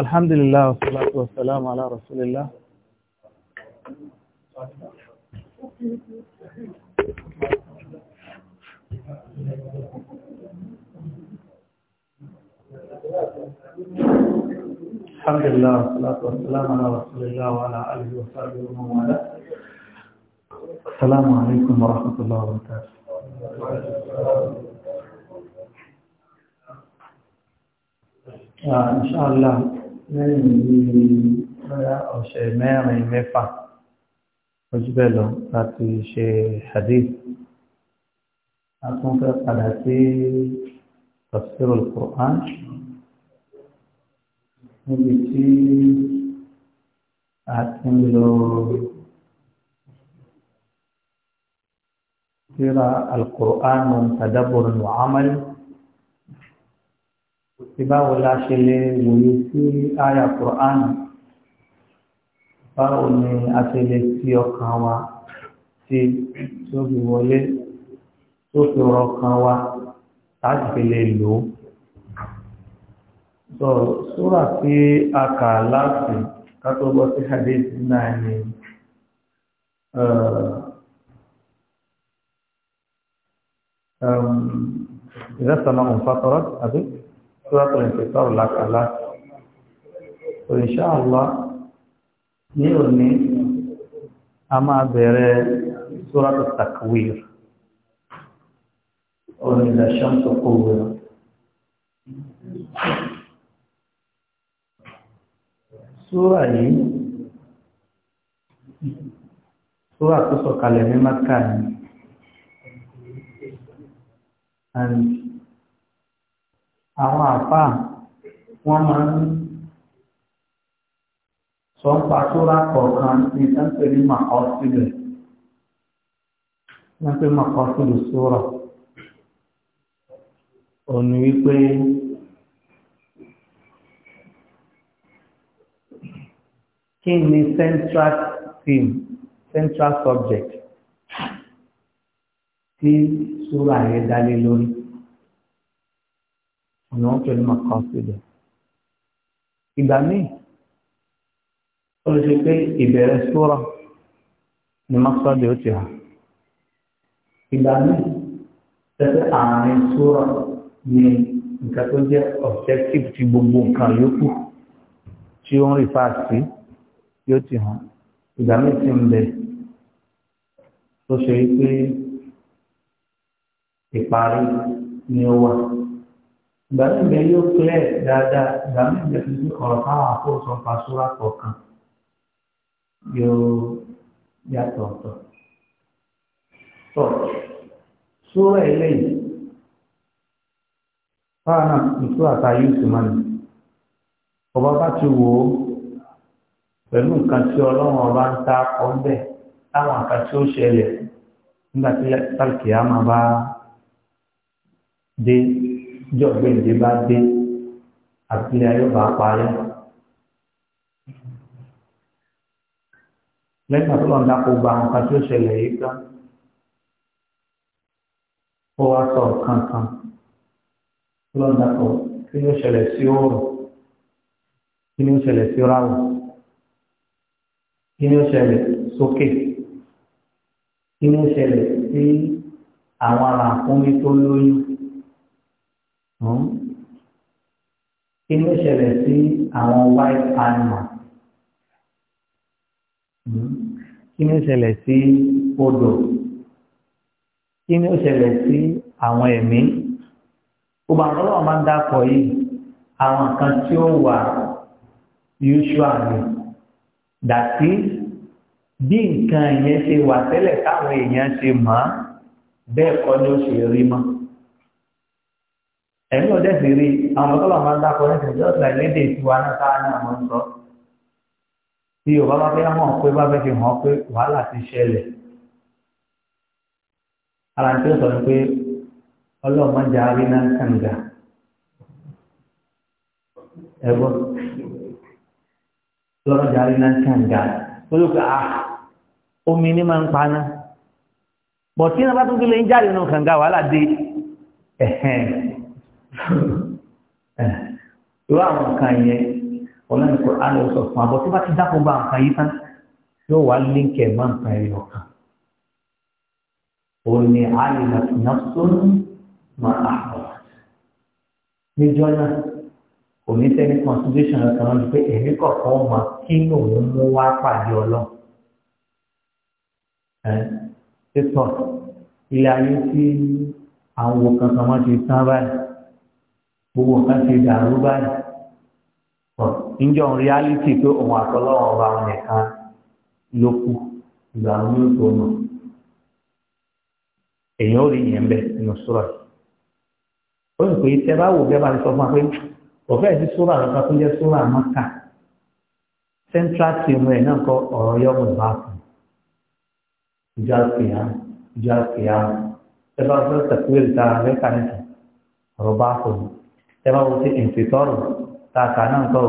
الحمد لله والصلاة والسلام على رسول الله الحمد لله والصلاة والسلام على رسول الله وعلى آله وصحبه ومن والاه السلام عليكم ورحمة الله وبركاته آه، إن شاء الله lẹ́yìn bí bóyá ọ̀sẹ̀ mẹ́rin mẹ́fà ojú bẹ́ẹ̀ lọ láti ṣe hadith a tún fẹ́ padà sí tafsirul Qur'an níbi tí a ti ń lo tírà al-Qur'an tadabbur wa amal. ìbáwo la ṣe lè wòye sí àyà Kùránì báwo ni a ṣe lè fi ọkàn wa sí tó fi wọlé tó fi rọ ọkàn wa láti fi lè lò ó. sọ súrà tí a láti ká tó sí hadith náà ni إذا السماء انفطرت أبي suratul infitar lákàlá insha Allah ní òní a máa bẹ̀rẹ̀ suratul takwir òní ìdàṣán tó kó wẹ̀rọ Súra yìí, súra tó sọ̀kalẹ̀ ní Mákà ni, and àwọn àfà wọ́n máa ń sọ pa sóra kọ̀ọ̀kan ní sáńpẹ̀ màkọ́sílẹ̀ sáńpẹ̀ màkọ́sílẹ̀ sóra òní wípé kí ni central theme central subject tí sóra yẹn lórí. ọ̀nà wọn pẹ̀lú màkà síbẹ̀. ìgbà míì ó lè ṣe pé ìbẹ̀rẹ̀ sóra ni mọ́sálẹ̀ ó ti hà. ìgbà míì tẹ́tẹ́ àárín sóra ni nǹkan tó jẹ́ objective ti gbogbo nǹkan yòókù tí ó ń rí fáàsì yóò ti hàn. ìgbà míì ti ń bẹ tó ṣe pé ìparí ni ó wà ìgbàmí ìgbẹ́ yóò pẹ́ dáadáa ìgbàmí ìgbẹ́ fi sí ọ̀rọ̀ káwọn àkóso pàṣúra kọ̀ọ̀kan yóò yàtọ̀ ọ̀tọ̀. tọ́ sóra eléyìí báwa náà ìṣó àtàyè ìṣúná ni ọba bá ti wò ó pẹ̀lú nǹkan tí ọlọ́run ọba ń ta ọ bẹ́ẹ̀ táwọn nǹkan tí ó ṣẹlẹ̀ nígbà tí sálkìá máa bá dé jọ gbẹ̀ǹdé bá dé àbílẹ̀ ayé bá parí. lẹ́yìn tó lọ́n dákò gba àwọn kan ṣẹlẹ̀ yìí gbá ó wá sọ kankan tó lọ́n dákò kí ni ó ṣẹlẹ̀ sí oòrùn kí ni ó ṣẹlẹ̀ sí ráwọ̀ kí ni ó ṣẹlẹ̀ sókè kí ni ó ṣẹlẹ̀ sí àwọn àràkúnmí tó lóyún. Hmm? kí ló ṣẹlẹ̀ sí àwọn white animal hmm? kí ló ṣẹlẹ̀ sí odò kí ló ṣẹlẹ̀ sí àwọn ẹ̀mí gbogbo àwọn ọlọ́run máa ń dápọ̀ yìí àwọn kan tí ó wà usually dàtí bí nǹkan yẹn ṣe wà tẹ́lẹ̀ táwọn èèyàn ṣe mọ̀ bẹ́ẹ̀ kọ́ ni ó ṣe rí mọ́ ẹ̀mí ò dẹ́sì rí àwọn tọ́lọ̀ máa ń dákọ̀ ní ìsìn just like lédè tiwa náà táwa náà mọ̀ ń sọ. tí yorùbá bá fẹ́ hàn pé bá fẹ́ fi hàn pé wàhálà ti ṣẹlẹ̀. ara ń tí ó sọ ni pé ọlọ́run máa ń jẹ arí náà kànga. ẹ gbọ́ lọ́rọ̀ jẹ arí náà kànga lórí pé a omi ní máa ń paná. bọ̀tí náà bá tún kí lè ń jáde nù kànga wàhálà dé irú àwọn nǹkan yẹn ọlọ́run kò á lọ sọ fún abọ́ tó bá ti dákun bá nǹkan yìí tán yóò wá líǹkì ẹ̀ má nǹkan ẹ̀yọ kan òun ni àlìlà nàfún máa àpọ̀ níjọ́ náà kò ní sẹ́ni constitution kan lọ́dún pé èmi kọ̀ọ̀kan mọ kí òun mú wá pàdé ọlọ́run ṣe sọ ilé ayé tí àwọn kankan máa ti sábà yìí. gbogbo nǹkan ti dàrú báyìí ǹjọ́ ń reality pé òun àtọ́lọ́wọ́ ọba wọn nìkan ló kù ìgbà ló ń tó nù èèyàn ò rí yẹn bẹ nínú sọ́ra yìí ó sì pé tẹ bá wò bẹ́ẹ̀ bá ti sọ fún wa pé ọ̀fẹ́ ẹ̀ ti sọ́ra tó jẹ́ sọ́ra mọ́ta central team rẹ̀ náà ọ̀rọ̀ yọ̀mù bá fún ìjà ìjà ẹ bá fẹ́ ta nìkan ọ̀rọ̀ bá fún تبقى في انفطار تعتعنا انتو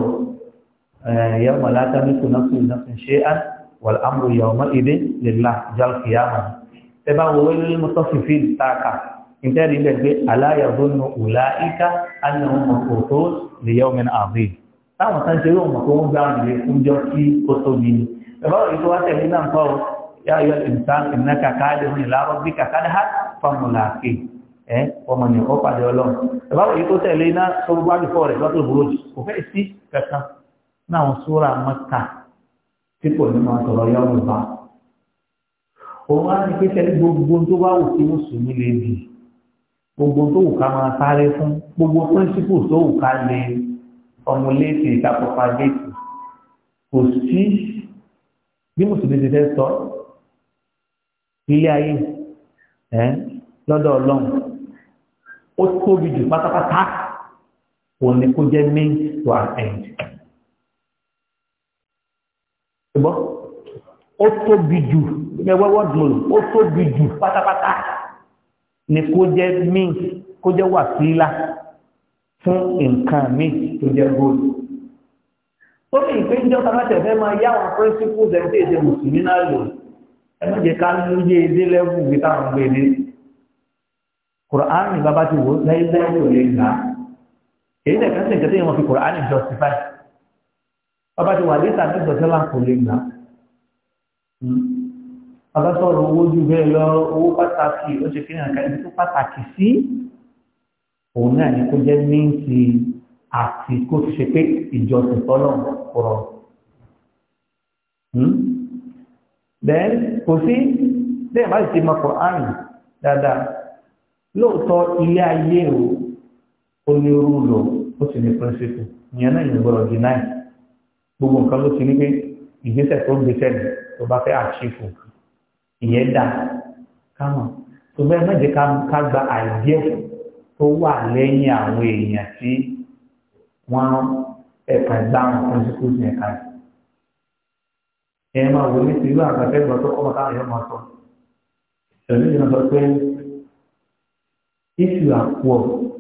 يوم لا تملك نفس نفس شيئا والامر يومئذ لله جل قياما تبقى هو المتصفين تعتعنا انت يا ريبا الا يظن اولئك انهم مخطوط ليوم عظيم تعتعنا تنشي يوم مقوم جاند لكم جوكي كتبين تبقى ايتو هاتي يا ايها الانسان انك كادر الى ربك كدها فملاقيه ẹ́ ọmọ ni ọ pàdé ọlọ́run ẹ̀bá wòye tó tẹ̀lé iná tó gbogbo àdìfọ́ rẹ̀ lọ́tò burúkú kò fẹ́ sí kẹta náà súra mọ́ta tí kò ní máa sọ̀rọ̀ yọ ọ́nù bá òun á ní pé tẹ̀lé gbogbo tó bá wù sí mùsùlùmí lè bì gbogbo tó wù ká máa sáré fún gbogbo píríncípù tó wù ká lè ọmọléèsì ìtàkùnfà géètì kò sí bí mùsùlùmí ti fẹ́ sọ ilé ayé lọ́dọ̀ ọlọ́run ó tóbi jù pátápátá òun ni kó jẹ́ main to an end. ṣùgbọ́n ó tóbi jù ẹgbẹ́ wọ́ọ̀dù mọ̀lù ó tóbi jù pátápátá ni kó jẹ́ main kó jẹ́ wàsílà fún nǹkan main tó jẹ́ goal. tó ní ìpínjọ́ tamátẹ̀fẹ́ máa yá àwọn principles ẹ̀ ń tètè mùsùlùmí náà lò ẹ̀ má jẹ́ ká lóye ilé lẹ́wù gbé táwọn gbé dé kùránì bàbá ti wò lẹ́yìnlẹ́yìn tó lè gbà èyí lẹ̀ kẹ́sìn kẹ́sìn yẹn wọ́n fi kùránì justify bàbá ti wà létà ní ìgbọ̀sẹ́lá kò lè gbà hmm. bàbá sọ̀rọ̀ owó ju bẹ́ẹ̀ lọ owó pàtàkì ó ṣe kéèyàn ká ibi tó pàtàkì sí òun náà ni kó jẹ́ míǹtì àti kó ti ṣe pé ìjọsìn tọ́lọ̀ rọ̀ bẹ́ẹ̀ kò sí bẹ́ẹ̀ bá ti ti mọ kùránì dáadáa lóòótọ́ ilé ayé o ó ní orú lò ó sì ní píríncípù ìyẹn náà ìyẹn gbọ́dọ̀ di náà gbogbo nǹkan ló ti ní pé ìgbésẹ̀ tó gbésẹ̀ ni tó bá fẹ́ àṣìfò ìyẹn dà káwọn ṣùgbọ́n ẹ má jẹ́ ká gba àìdíẹ̀ tó wà lẹ́yìn àwọn èèyàn tí wọ́n ẹ̀ka gbá àwọn píríncípù yẹn ká ẹ máa wọlé sí irú àgbàfẹ́ gbọ́ tó kọ́ bàtà máa sọ ẹ̀mí ìyẹn sọ pé if you are poor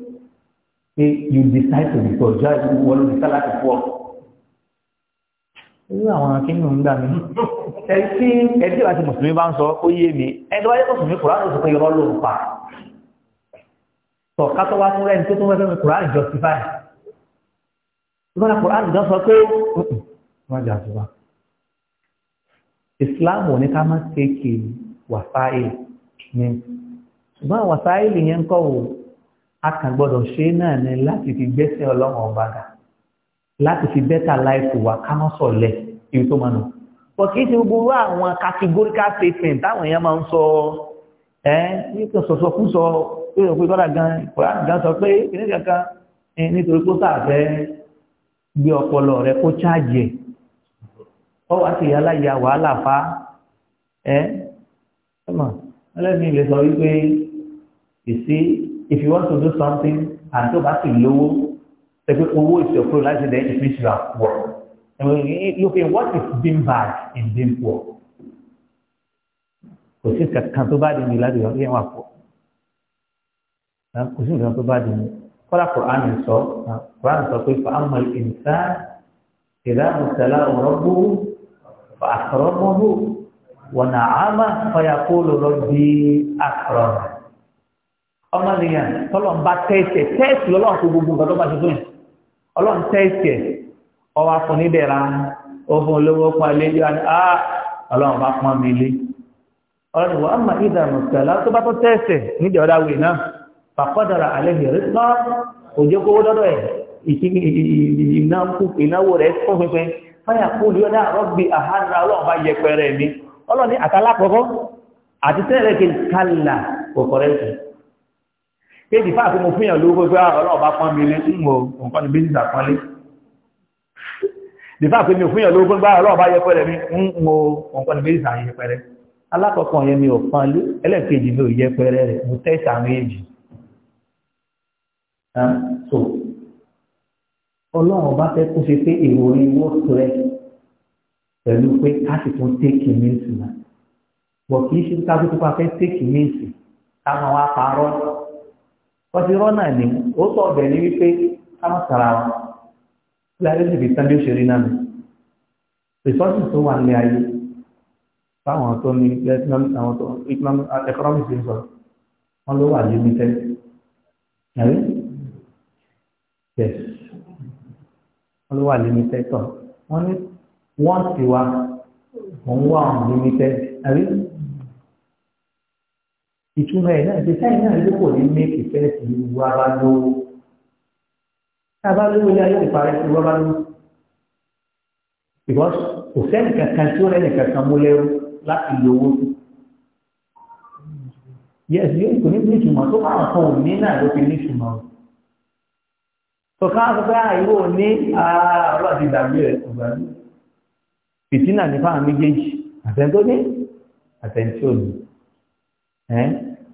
pé you decide to be poor jọ ìwọ ló decide láti poor irú àwọn akínyìn ń gbà mí ẹtí ẹtí àti mùsùlùmí bá ń sọ ó yé mi ẹni wáyé mùsùlùmí kùránù sọ pé irọ́ ló ń pa tọ kátó wá tún rẹni tó tún fẹ́ẹ́ fi kùránù justify ìgbọ́nà kùránù jọ sọ pé wọ́n jà sí wa Islam ò ní ká má ṣe kì wàfáì ní ṣùgbọ́n àwọn sáìlì yẹn ń kọ́ wò a kàn gbọ́dọ̀ ṣe náà ni láti fi gbẹ́sẹ̀ ọlọ́run ọba gà láti fi bẹ́tà láìpù wá kámọ́ sọ̀lẹ̀ ibi tó máa nù. pọ̀ kì í ṣe gbogbo àwọn categorical statement táwọn èèyàn máa ń sọ ẹ́ nípa sọ̀sọ̀ fún sọ pé òpin tọ́lá gan ìkọ̀yà gan sọ pé kìnìún kankan nítorí pé ó sàfẹ́ gbé ọpọlọ rẹ kó cháàjì ẹ̀ ọ wá sí aláya wàhálà fa ẹ́ ẹ̀ mọ̀ ẹlẹ́mìí lè sọ wípé You see, if you want to do something and go back to low, the good always your full life then it means you have poor. And when you look at what is being bad in being poor. Kò sí nǹkan tó bá di ní láti ọdún yẹn wà pọ̀. Kò sí nǹkan tó bá di ní. Kọ́lá Kùránì sọ, Kùránì sọ pé fàámà ìnsá ìdá mùsàlá ọ̀rọ̀bù fàṣọ̀rọ̀bù wọ̀nà àmà fàyàkó lọ́rọ̀ bí àkọ̀rọ̀ ọmọnìyàn tọ́lọ̀ ń bá tẹ́ẹ̀tì ẹ̀ tẹ́ẹ̀tì lọ́lọ́run kó gbogbo nǹkan tó bá ṣe fún yẹn ọlọ́run tẹ́ẹ̀tì ẹ̀ ọwọ́ afọ níbẹ̀rẹ̀ ọfún olówó pọn ilé yóò ní á ọlọ́run bá pọn mi ilé ọlọ́run wọ́n mọ̀ ìdá mọ̀tàlá tó bá tó tẹ́ẹ̀tì níbi ọ̀dà wì náà fàkọ́dàrà alẹ́ yẹ̀rẹ́ náà òjò kówó dọ́dọ̀ ẹ̀ ìnáwó rẹ̀ fún pínpín fáyà kú ló náà rọ́gbì àhánà ọlọ́run bá yẹpẹrẹ mi ọlọ́run ní àtàlápọ̀kọ́ àti tẹ́ẹ̀rẹ̀ kí kéèdì fáà tí mo fún yàn lówó pé ah, ọlọ́ọ̀bá pọ́n mi lé ń wọ nǹkan ní bíjì àpọ́nlé dìfà pé mi ò fún yàn lówó pé ah, ọlọ́ọ̀bá yẹ pẹ́rẹ́ mi ń wọ nǹkan ní bíjì àyẹ pẹ́rẹ́ alákọ̀ọ́kọ́ yẹn mi ò pọ́n lé ẹlẹ́ẹ̀kejì mi ò yẹ pẹ́rẹ́ rẹ̀ mo tẹ́sí àwọn èjì so ọlọ́run bá fẹ́ kó ṣe pé ìròyìn wó tẹ̀ pẹ̀lú pé a sì tún tẹ́kì míìsì náà bọ̀ kì í ṣe ká tó kópa fẹ́ tẹ́kì míìsì káwọn wá parọ́ wọ́n ti rọ́nà ní ó sọ ọ̀bẹ̀ ní wípé ká má sara wọn kí adé sì fi tán bí ó ṣe rí náà rìsọ́ọ̀sì tó wà ní ayé fáwọn tó ní economic resource wọ́n ló wà limited ẹ̀rí yes wọ́n ló wà limited tọ̀ wọ́n ní wọ́n ti wá wọ́n wà limited ẹ̀rí ìtumọ̀ ẹ̀ náà ṣe sẹ́yìn náà ló ní méèkì fẹ́ẹ̀sì ní wá bá lówó tá a bá lówó ní ayé ìparẹ́ sí wá bá lówó because kò sẹ́ni kankan tí ó rẹ̀ nìkankan mú lẹ́rú láti lówó sí yes yóò kò ní ní ìtumọ̀ tó máa kàn òní náà ló fi ní ìtumọ̀ o tọ́ka pé àìwò ah, ní àárọ̀ ah, àti ìgbàgbé rẹ̀ ọ̀gbàgbé fìtínà nípa àwọn méjèèjì àtẹ̀ntó ní àtẹ̀ntó ní ẹ́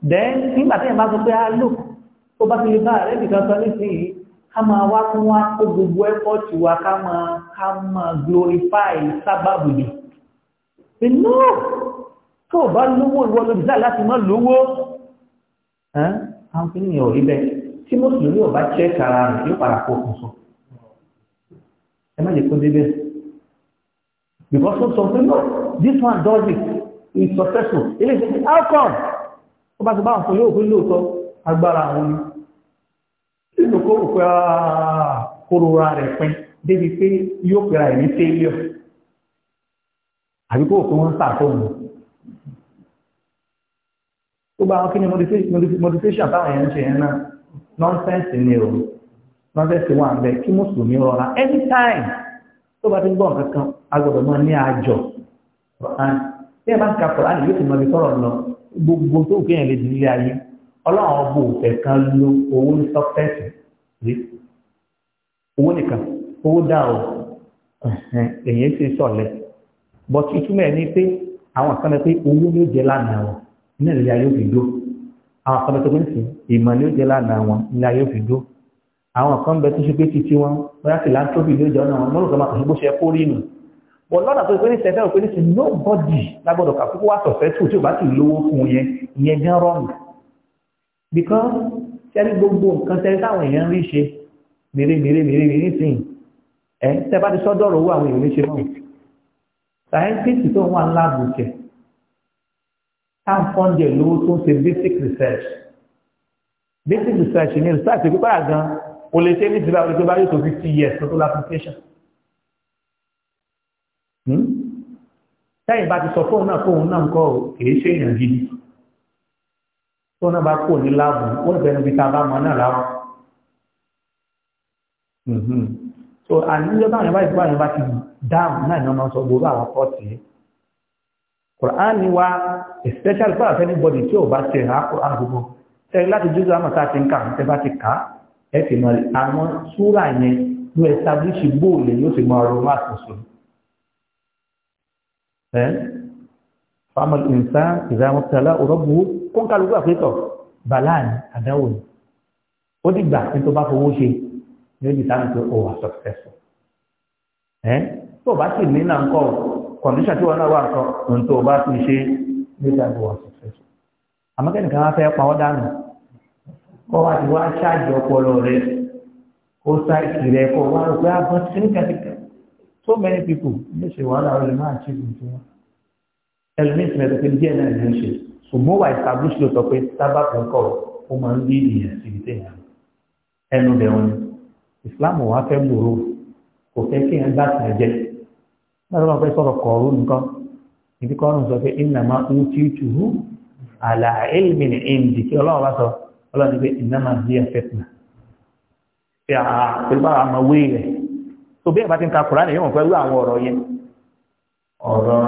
then nígbà tí ẹ̀ bá sọ pé á ah, lò tó bá ti lè bá rẹ̀ nìkan sọ nísìnyí ká máa wá fún wa kó gbogbo ẹ́fọ́ọ̀tì wa ká máa ká máa glorify sábàbù ni inú tó bá lówó ìwọ lóbi sáà láti má lówó àwọn kìíní yẹn ò rí bẹ́ẹ̀ tí mùsùlùmí ò bá jẹ́ kára rẹ̀ yóò padà kó kùn sọ ẹ má jẹ́ kó débẹ̀ because ó sọ pé no this one does it is successful ilé ìṣẹ́ how come ó bá ti bá wọn fún yóò fún lóòótọ́ agbára àwọn ni nínú kó rùpẹ́ ah, kórora rẹ̀ pín débi pé yóò pẹ́ra ẹ̀mí fẹ́lẹ̀ àbí kó òkú wọn sàtọ́nù tó bá wọn kí ni modification táwọn èèyàn ń ṣe yẹn náà nonsense ni o nonsense wà ń bẹ kí mùsùlùmí rọra anytime tó bá ti ń gbọ́ nǹkan kan agbọ̀dọ̀ mọ́ ní àjọ bí ẹ bá ń ka Kùránì yóò ti mọ ibi tọ́rọ̀ lọ gbogbo tó kéèyàn lè di ilé ayé ọlọ́run ọgbọ òfẹ́ kan lo owó ní sọ́fẹ́ẹ̀tì rí owó nìkan owó dá o èyí ṣe sọ̀lẹ̀ bọ́ ìtumọ̀ ẹ̀ ní pé àwọn kan pé owó ló jẹ́ lánàá wọn ní ìlú ayé òfin dó àwọn kan tó ń sìn ìmọ̀ ló jẹ́ lánàá wọn ní ayé òfin dó àwọn kan bẹ tó ṣe pé títí wọn bóyá philanthropy ló jẹ́ ọ̀nà wọn mọ́rùn kan máa kàn sí bó ṣe kó rí nù wọ́n lọ́nà tó ṣe pé ní sẹ́fẹ́ òpin ní sẹ́ nobody lágbọ́dọ̀ kà kókó wà sọ̀fẹ́ tù tí ò bá ti lówó fún yẹn ìyẹn gan rọ́ọ̀nù because sẹ́rí gbogbo nǹkan sẹ́rí táwọn èèyàn rí ṣe mèrè mèrè mèrè mèrè nísìnyí ẹ̀ tẹ́ bá ti sọ́dọ̀rọ̀ owó àwọn èèyàn rí ṣe náà scientist tó wà ń láàbù jẹ táǹfọ́ǹdẹ̀ lówó tó ń ṣe basic research basic research ni research pípa gan o lè ṣe ní ìsìlẹ̀ àwọn ìjọba yóò tó fifty years tó tó l'application sẹ́yìn hmm? bá ti sọ fóun náà fóun náà ń kọ́ kìí ṣe èèyàn gidi tó náà bá kò ní láàbù ó lè fẹnu tá a bá mọ náà láàbù. Mhm. so àníyọ báwọn yẹn bá ti báwọn yẹn bá ti dáhùn náà ni wọn máa sọ gbogbo àwọn pọ́ọ̀tì yìí. Kùránì wa especially fún àfẹ́ níbọ̀dì tí ò bá ti rà Kùránì gbogbo tẹ́rí láti jésù àmọ̀ tá a ti ń kà tẹ́ bá ti kà ẹ ti mọ̀ àwọn súrà yẹn ló establish bóòlù yóò ti mọ ọrọ̀ wá àtúnṣe. ẹ fámọ́lì ìnsá ìzámọ́tàlá òrọ́bù kó ń kálukú àpétọ̀ bàláàni àdáwò ni ó dìgbà tí tó bá fowó ṣe ni ó di sáà pé ó wà successful ẹ tó bá sì ní náà ń kọ kọ̀ndíṣà tí wọn náà wà sọ ohun tó bá ti ṣe nígbà tó wà successful àmọ́ kẹ́nìkan wá fẹ́ pa ọ́ dànù kọ́ wá ti wá ṣáàjì ọpọlọ rẹ kó sáìkì rẹ kó wá rò pé àbọ̀ ah, sí kẹ́kẹ́ so many people ní ṣe wàhálà ọ̀rẹ́ máa ṣe ìgbìmọ̀ ẹlòmíì sì mẹ́tọ́ pé náà ní ṣùgbọ́n wà ìsàbùsù ló sọ pé sábà kan kọ̀ ó máa ń lé èèyàn sí ibi tẹ̀yàn ẹnu bẹ̀ wọn ni ìsìláàmù wa fẹ́ gbòòrò kò fẹ́ kí èèyàn gbàtà jẹ náà lọ́wọ́ fẹ́ sọ̀rọ̀ kọ̀ọ̀rọ̀ nǹkan ibi kọ́ọ̀rùn sọ pé ìnàmá ń tí tù ú àlà ẹ̀lmì ní ẹ̀ǹdì kí ọlọ́run bá sọ ọlọ́run pé ìnàmá bí ẹ fẹ́ tìǹà pé àà pẹ̀lú bá àwọn ọmọ wé rẹ̀ tó bí ẹ̀ bá ti ń ka Kùránì yóò mọ̀ pẹ̀lú àwọn ọ̀rọ̀ yẹn ọ̀rọ̀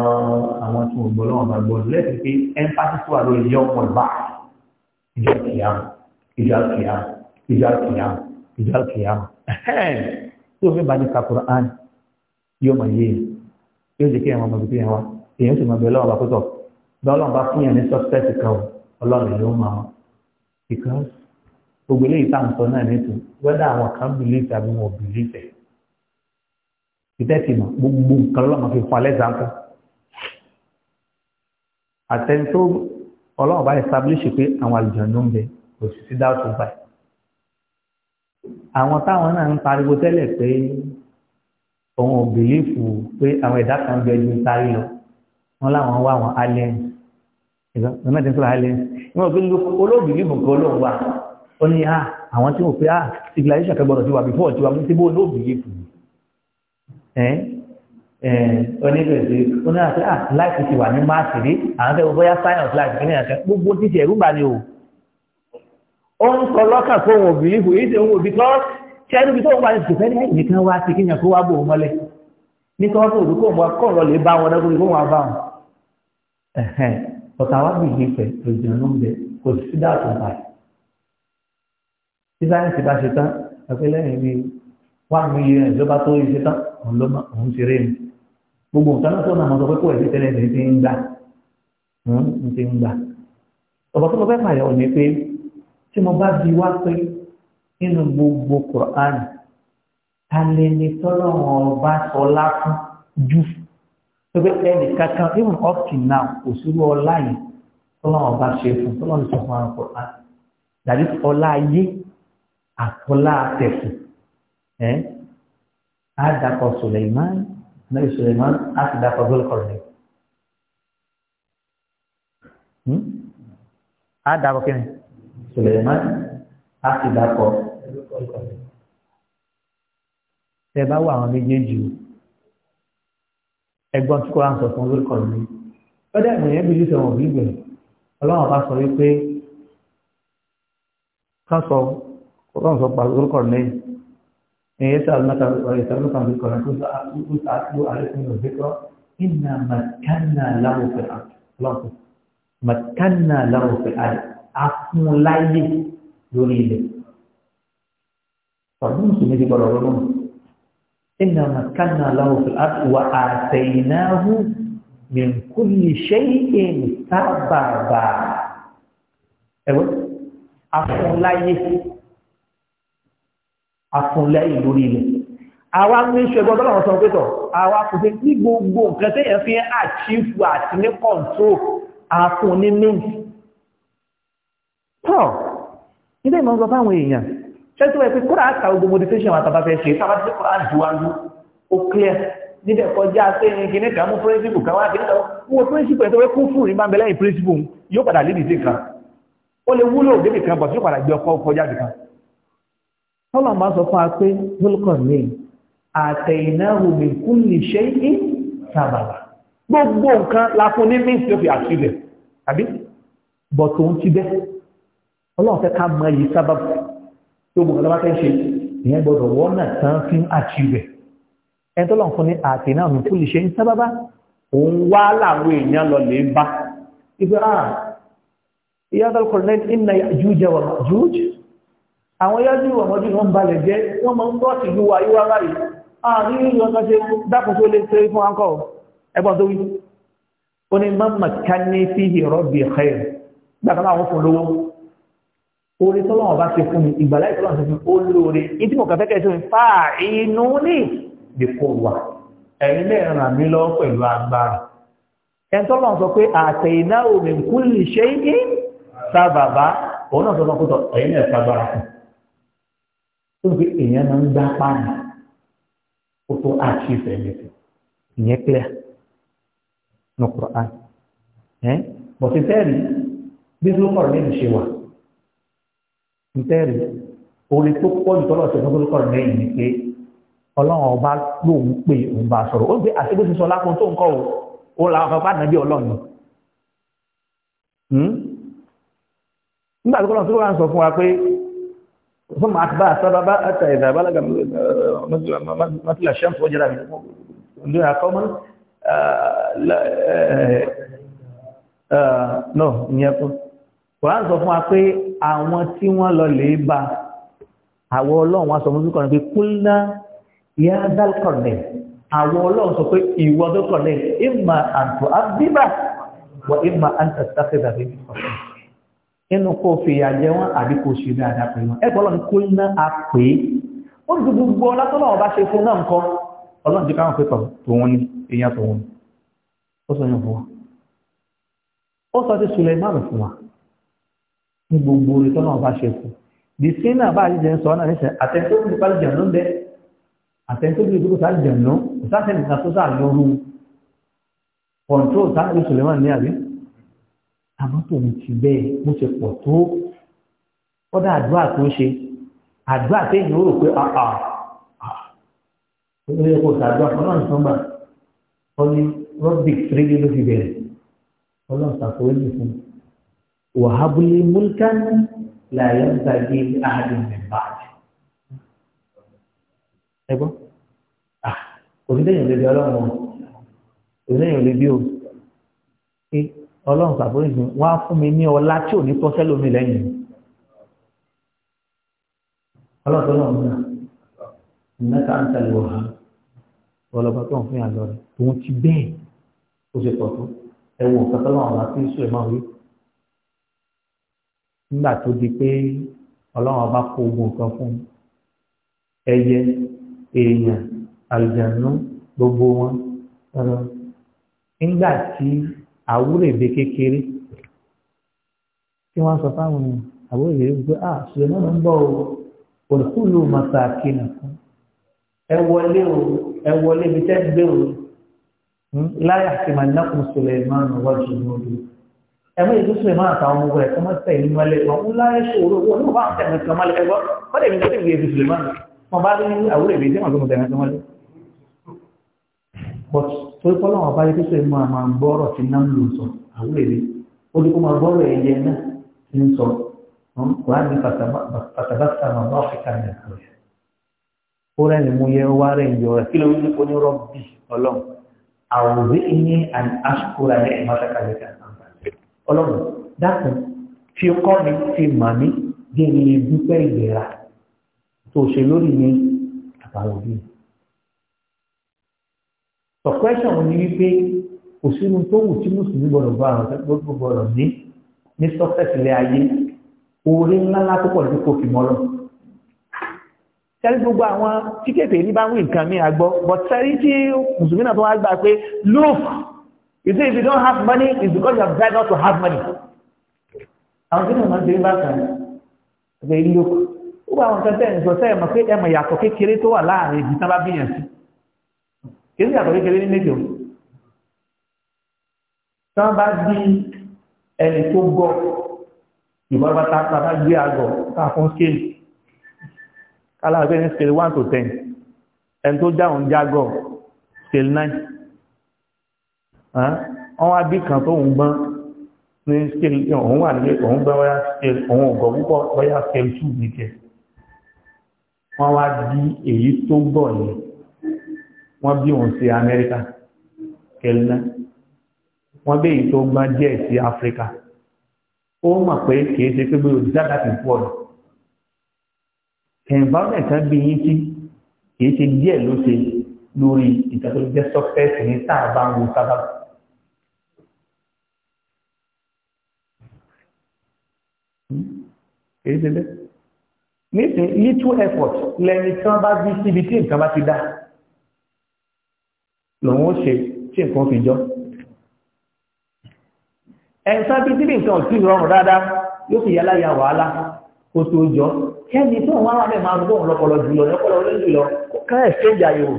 àwọn tí wọ́n gbọ́ lọ́wọ́ bá gbọ́ lẹ́sìn pé empathy tó wà lórí yọ ọ̀pọ̀ ìbá ìjà kìyàmù ìjà kìyàmù ìjà kìyàmù ìjà kìyàmù tí o fi bá ní ka Quran yóò máa yé yóò jẹ́ kí ẹ̀wọ̀n ọmọ bíbí ẹ̀wọ̀n èyàn sì máa bẹ̀rẹ̀ lọ́wọ́ bá pẹ́tọ̀ bá ọlọ́run bá fún yẹn ní success kan ọlọ́run ló máa wọn because gbogbo eléyìí tá à ń sọ náà believe tàbí wọn believe ìtẹ́sìmọ̀ gbogbo nǹkan lọ́mọ fi fún alẹ́ zàǹkà àtẹnitó ọlọ́run bá establish pé àwọn àlùjọ̀nù ń bẹ kò sì sí dáàtò báyìí àwọn táwọn náà ń pariwo tẹ́lẹ̀ pé òun ò bìlífù pé àwọn ẹ̀dá kan bẹ ju sáré lọ wọn láwọn wá àwọn aliens ìgbà mẹ́ta ń sọ̀rọ̀ aliens ìwọ̀n òfin ló olóòbìlífù kan ló ń ó ní ah, àwọn tí wọ́n pe ah, civilization kan ti wà before ti wà ní síbó olóòbìlífù yìí oníbẹ̀sẹ̀ oníbẹ̀sẹ̀ ah láìpẹ́ ti wà ní máàsì rí àwọn fẹ́ bóyá sign of life kìíní àkẹ́ gbogbo títí ẹ̀rú bá ní o ó ń sọ lọ́kàn fún òun òbí ìfò yìí ṣe òun òbí kọ́ ṣẹ́nu bí tó ń bá ní tòfẹ́ ní ẹ̀yìn nìkan wá sí kíyàn kó wá bò ó mọ́lẹ̀ ní kí wọ́n tó òdúkọ́ wọn kọ́ ọ̀rọ̀ lè bá wọn lọ́gbọ́n kó wọn bá wọn. ọ̀tá wa bì yí pẹ̀ lójúmọ́ ló ń bẹ wọ́n mú iye ìjọba tó iṣẹ́ tán òun ló ń ṣeré mi gbogbo nǹkan náà tó náà mọ̀ sọ pé kó ẹ̀sìn tẹ́lẹ̀ ní ti ń gbà ń ti ń gbà ọ̀pọ̀ tó lọ fẹ́ pàyẹ̀wò ni pé tí mo bá bi wá pé nínú gbogbo Qur'an ta lè ní tọ́lọ́ wọn bá sọ láfún jù pé ẹnì kankan even up to now kò sírú ọlá yìí tọ́lọ́ wọn bá ṣe fún tọ́lọ́ ní sọ fún àwọn Qur'an dàbí ọlá ayé àtọ́lá tẹ̀sùn. Eh, adako dàpọ̀ Suleiman náà Suleiman á sì dàpọ̀ Dhul-Qarnayn á dàpọ̀ kí ni Suleiman á sì dàpọ̀ Dhul-Qarnayn tẹ bá wà àwọn méjèèjì o ẹ̀gbọ́n tí kò ráńsọ fún Dhul-Qarnayn lọdẹ ìròyìn bí lùsọ wọn gbígbẹ Ọlọ́run bá sọ wípé ká sọ Ọlọ́run sọ pa dhul يسألك ويسألك عن القرآن قل أتلو عليكم الذكر إنا مكنا له في الأرض الله مكنا له في الأرض أفهم لاي يريد فالنوم سميدي برغم إنا مكنا له في الأرض وآتيناه من كل شيء سببا أيوه أفهم لاي afúnlẹ́yìn lórí ilẹ̀ àwa ní ṣẹgbọ́n tó lọ́wọ́ sọ pé tọ̀ àwa kò fẹ́ ní gbogbo nǹkan tẹ́yẹ̀ fi ń àchífù àti ní control àfún ní mint tọ́ ilé ìmọ̀ sọ fáwọn èèyàn ṣẹ́tí wọ́n pé kóra àkà ogun modification àtàbà fẹ́ ṣe tábà tí kóra àjúwájú ó clear níbẹ̀ kọjá sí ní kí ní kà mú principle kan wá kí ní kà wọ́n principle ẹ̀tọ́ kún fún rí máa bẹ̀lẹ́ principle yóò padà lédìí sí kan ó lè wúlò débì kan bọ̀ tí ó padà gbé ọkọ̀ kọjá sí kan tọ́lọ̀ máa sọ fún wa pé Dhul-Qarnayn àtẹ̀yìnáhù mi kú lè ṣe é sábàbà gbogbo nǹkan la fún ní mí tí ó fi àṣìlẹ̀ tàbí bọ̀ tó ń ti bẹ́ ọlọ́run fẹ́ ká mọ èyí sábàbà tó gbogbo ọlọ́wọ́ fẹ́ ṣe ìyẹn gbọdọ̀ wọ́n náà tán fi ń àṣìlẹ̀ ẹni tọ́lọ̀ fún ní àtẹ̀yìnáhù mi kú lè ṣe é sábàbà òun wá láwọn èèyàn lọ lè bá ibi ah ìyá Dhul-Qarnayn inna Ya'juj wa Ma'juj àwọn yájú ọmọdé wọn balẹ̀ jẹ́ wọ́n máa ń bọ́ sí ìlú wa ìwà ráyìí ààrin ìlú ọ̀nà ṣe dákùn tó lè ṣe fún àkọ́ ẹgbọ́n tó wí ó ní mọ́mà ká ní sí ìrọ́bì ẹ̀kẹ́ gbàkan àwọn fún lówó orí tọ́lọ́wọ́ bá ṣe fún mi ìgbàlá ìtọ́lọ́wọ́ ṣe fún ó lóore ìdí mọ̀ kàfẹ́kẹ́ ṣe fà inú ní ìdìkò tó ń fi èèyàn máa ń gbá pààyàn kó tó achieve anything ìyẹn clear ní Quran ẹ́ bọ̀sí tẹ́ẹ̀rì bí ló kọ̀rọ̀ lẹ́yìn ṣe wà ní tẹ́ẹ̀rì tó pọ̀ jù tọ́lọ̀ ṣe fún ló kọ̀rọ̀ lẹ́yìn ni pé ọlọ́run ọba lòun pé òun bá sọ̀rọ̀ ó gbé àṣegbé sísọ lápò tó ń kọ́ o ó làwọn kan bá nàbí ọlọ́run hmm? nígbà tó kọ́ lọ́n tó wà ń sọ fún wa pé ثم أتبع سببا حتى إذا بلغ مثل الشمس وجد من دونها قوما no ìyẹn kọ́ Quran sọ fún wa pé àwọn tí wọ́n lọ lè bá àwọn ọlọ́run wa sọ fún síkọ̀ pé kúlná ya dálkọ̀nẹ̀ àwọn ọlọ́run sọ pé ìwọ dálkọ̀nẹ̀ ìmà àǹtọ̀ àbíbà wọ ìmà àǹtọ̀ sáfẹ́dà bí i nínú kó fìyà jẹ wọn àbí kó ṣe dáadáa pẹ̀lú wọn ẹgbọ́n lọ́nà kó iná a pè é ó ní gbogbo ọlátọ́lọ́ ọba ṣe fún náà nǹkan ọlọ́run ti káwọn pépà tòun ni èèyàn tòun ni ó sọ yàn fún wa ó sọ ti sùlẹ̀ máàmù fún wa ní gbogbo orí tọ́lọ́ ọba ṣe fún bìsí náà bá àjíjẹ ń sọ náà níṣẹ́ àtẹ̀tọ́ bí ìpàdé jẹ̀nú bẹ́ àtẹ̀tọ́ bí ìdúró sáà jẹ̀nú ìsáṣẹ́ àmọ́ tòun ti bẹ́ẹ̀ mo ṣe pọ̀ tó kọ́dà àdúrà tó ń ṣe àdúrà téèyàn ó rò pé àà ah, ah, ah. ó yẹ kó sàdúrà ọlọ́run tó ń gbà ọ ní rọ́bì tírílì ló fi bẹ̀rẹ̀ ọlọ́run ṣàforíjì fún mi wàhábùlé múlkán làyẹ̀ ń gbàgbé àhàdì mẹ́mbà ẹ gbọ́ kò ní déyìn lè bí ọlọ́run kò ní lè bí o ọlọ́run ṣàforíjì wọ́n á fún mi ní ọlá tí ò ní tọ́ sẹ́lómi lẹ́yìn ọlọ́run tó lọ́run náà mẹ́ta ń tẹ̀lé wọ̀ hàn ọlọ́ba tó ń fún yàn lọ rẹ̀ tòun ti bẹ́ẹ̀ ó ṣe pọ̀ tó ẹ̀wọ̀n kankan lọ́wọ́ àwọn àti ìṣòro máa wí nígbà tó di pé ọlọ́run ọba kó ogun kan fún ẹyẹ èèyàn àlùjànnú gbogbo wọn nígbà tí àwúrò èdè kékeré tí wọ́n sọ fáwọn àwúrò èdè wípé ah Sulemanu ń bọ̀ o olùkúlù masakina fún ẹ wọlé o ẹ wọlé ibi tẹ́ gbé o láyà sí máa nàkú Sulemanu wájú lórí ẹ mọ̀ ètò Sulemanu àtàwọn ọmọ rẹ̀ kọ́mọ́ tẹ̀ ní mọ́lẹ̀ wọn ń láyé ṣòro wọn ní wọn bá tẹ̀ mẹ́tọ́ mọ́lẹ̀ ẹgbọ́ kọ́dẹ̀ mi tẹ́lẹ̀ ìwé ètò Sulemanu wọn bá rí àwúrò èdè tí wọn tó mọ̀ tẹ̀ mẹ́tọ́ mọ́lẹ̀ torí pé ọlọ́run ọba yẹtí sẹ́yìn máa máa gbọ́rọ̀ tí náà ń lò sọ àwọn èrè ó ní kó máa gbọ́rọ̀ ẹ̀yẹ náà ti ń sọ wà á ní pàtàkì àwọn ọba áfíríkà ní ẹ̀kọ́ rẹ̀ ó rẹ̀ ní mo yẹ wá rẹ̀ ń yọ rẹ̀ kí ló ń kó ní rọ́bì ọlọ́run àwòrán ìní àti aṣọkúra ní ìmọ̀tàkàlẹ́kà ọlọ́run dákun fi kọ́ mi fi mà mí gé ní dúpẹ́ ìgbéra tó ṣe lórí mi àtàwọn òbí mi sọ̀kẹ́sàn wọn ni wípé kò sínú tó wù tí mùsùlùmí gbọdọ̀ bá àwọn gbogbo gbọdọ̀ ní ní sọ́kẹ́sì lé ayé oore ńlá ńlá tó pọ̀ ní kò fi mọ́ lọ. sẹ́rí gbogbo àwọn tí kékeré ní bá ń wí nǹkan mi àgbọ̀ but sẹ́rí tí mùsùlùmí náà tó wá gbà pé look you see if you don't have money it's because you have tried not to have money. àwọn tí mo máa ń gbé bá kan ẹgbẹ́ ìlú ó bá àwọn kan tẹ̀ ń sọ sẹ́yìn mọ̀ pé ẹ̀mọ̀ yàtọ̀ kékeré tó wà láàrin ibi kéde àtọ̀ kékeré ní méjì o tí wọ́n bá di ẹni tó gọ ìbọn bá ta bá gbé àgọ̀ ká fún scale kálá àgbẹ̀ ní scale one to ten ẹni tó dáhùn jágọ̀ scale nine wọ́n wá bí kan tó ń gbọ́n ní scale òun wà nílé òun gbọ́n wáyà scale òun ọ̀gọ̀ púpọ̀ wáyà scale two nìkẹ́ wọ́n wá di èyí tó gbọ̀ yẹn wọ́n bí òun sí amẹ́ríkà kẹlẹ́nà wọ́n bí èyí tó gbọ́n díẹ̀ sí áfíríkà ó mọ̀ pé kìí ṣe pé gbèrò dáadáa ti pọ̀ lọ environment kan bí yín sí kìí ṣe díẹ̀ ló ṣe lórí ìtàkùnjẹ́ sọ́fẹ́sì ní sáà bá ń wo sábà. Hmm? kìí ṣe bẹ́ẹ̀ nísìnyí little effort lẹ́ni tí wọ́n bá bí síbi tí nǹkan bá ti dá lòun ó ṣe tí nǹkan fi jọ ẹ̀sán tí tí nǹkan ò tí rọrùn dáadáa yóò fi yálà ya wàhálà kó tó jọ kẹ́ni tó wọn wà bẹ́ẹ̀ máa ń gbóhùn lọ́pọlọ jùlọ lọ́pọlọ jùlọ kó ká ẹ̀sẹ̀ ìjà yòó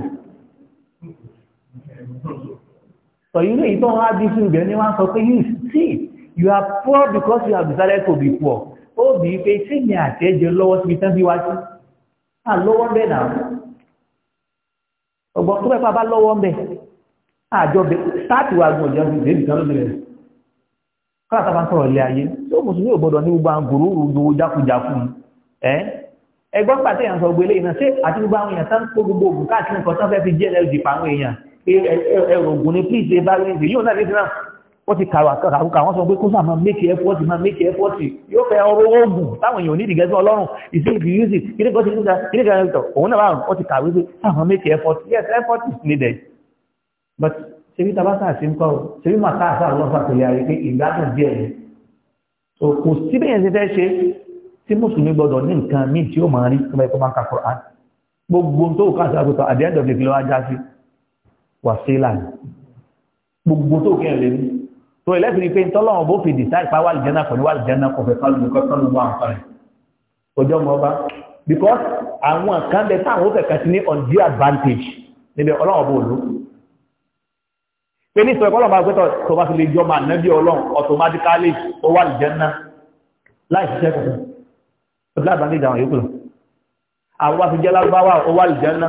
pẹ̀lú èyí tó wọ́n á bí fún ìbẹ̀rẹ̀ ní wọ́n sọ pé you see you are poor because you have decided to be poor ó bí pé tí mi àtẹ́jẹ lọ́wọ́ síbi tán bí wá sí à bẹ́ẹ̀ náà ọgbọ́n tó bẹ́ẹ̀ bá lọ́wọ́ ń bẹ̀ àjọ bẹ sáàtì wa gbọ̀n jẹun ìdè nìkan ló bẹ̀rẹ̀ kọ́lá sábà ń sọ̀rọ̀ ilé ayé tí ó mùsùlùmí ò gbọ́dọ̀ ní gbogbo àwọn gòróró gbogbo jákujàku ẹ́ ẹgbọ́n pàtẹ́ yàn sọ gbogbo eléyìí náà ṣé àti gbogbo àwọn èèyàn tán kó gbogbo ògùn káàkiri nǹkan tán fẹ́ fi jẹ́ please ẹ bá rí ìdè wọ́n ti kàwà kàwà wọ́n sọ pé kó sáà máa make effort máa make effort yóò fẹ́ ọrọ̀ oògùn táwọn èèyàn ní ìdìgẹ́sọ́ ọlọ́run ìsìn ìfi yúsì kí ní kọ́ sí nígbà kí ní kẹrẹ ìtọ̀ òun náà wọ́n ti kàwé pé sáà máa make effort yes effort is needed but ṣebí tàbá sáà sí ń kọ́ ṣebí máa káà sáà lọ́fà pẹ̀lú ayé pé ìgbádùn díẹ̀ ni so kò sí bẹ́ẹ̀ ṣe fẹ́ ṣe tí mùsùlùmí gbọdọ̀ ní nǹkan míì Quran gbogbo tó kà sí àgùntàn at the end of the day lọ́wọ́ lè ní tó ẹlẹ́fìrí pé ntọ́lọ́wọ́n bó fi dìsáì pa wàlì jẹ́nà kò ní wàlì jẹ́nà kò fẹ́ kọ́lù kọ́ kọ́lù wà nǹkan ọjọ́ mọ́ bá because àwọn kan bẹ táwọn ó fẹ̀kẹ́ sí ní on the advantage níbi ọlọ́wọ́n bó lò pé ní sọ ẹ̀kọ́ ọlọ́wọ́n bá gbẹ́tọ̀ tó bá fi lè jọmọ ànábì ọlọ́run automatically ó wàlì jẹ́nà láì ṣiṣẹ́ kọ̀ọ̀kan ọdún advantage àwọn yòókù lọ àwọn bá fi jẹ́ lágbáwá ó wàlì jẹ́nà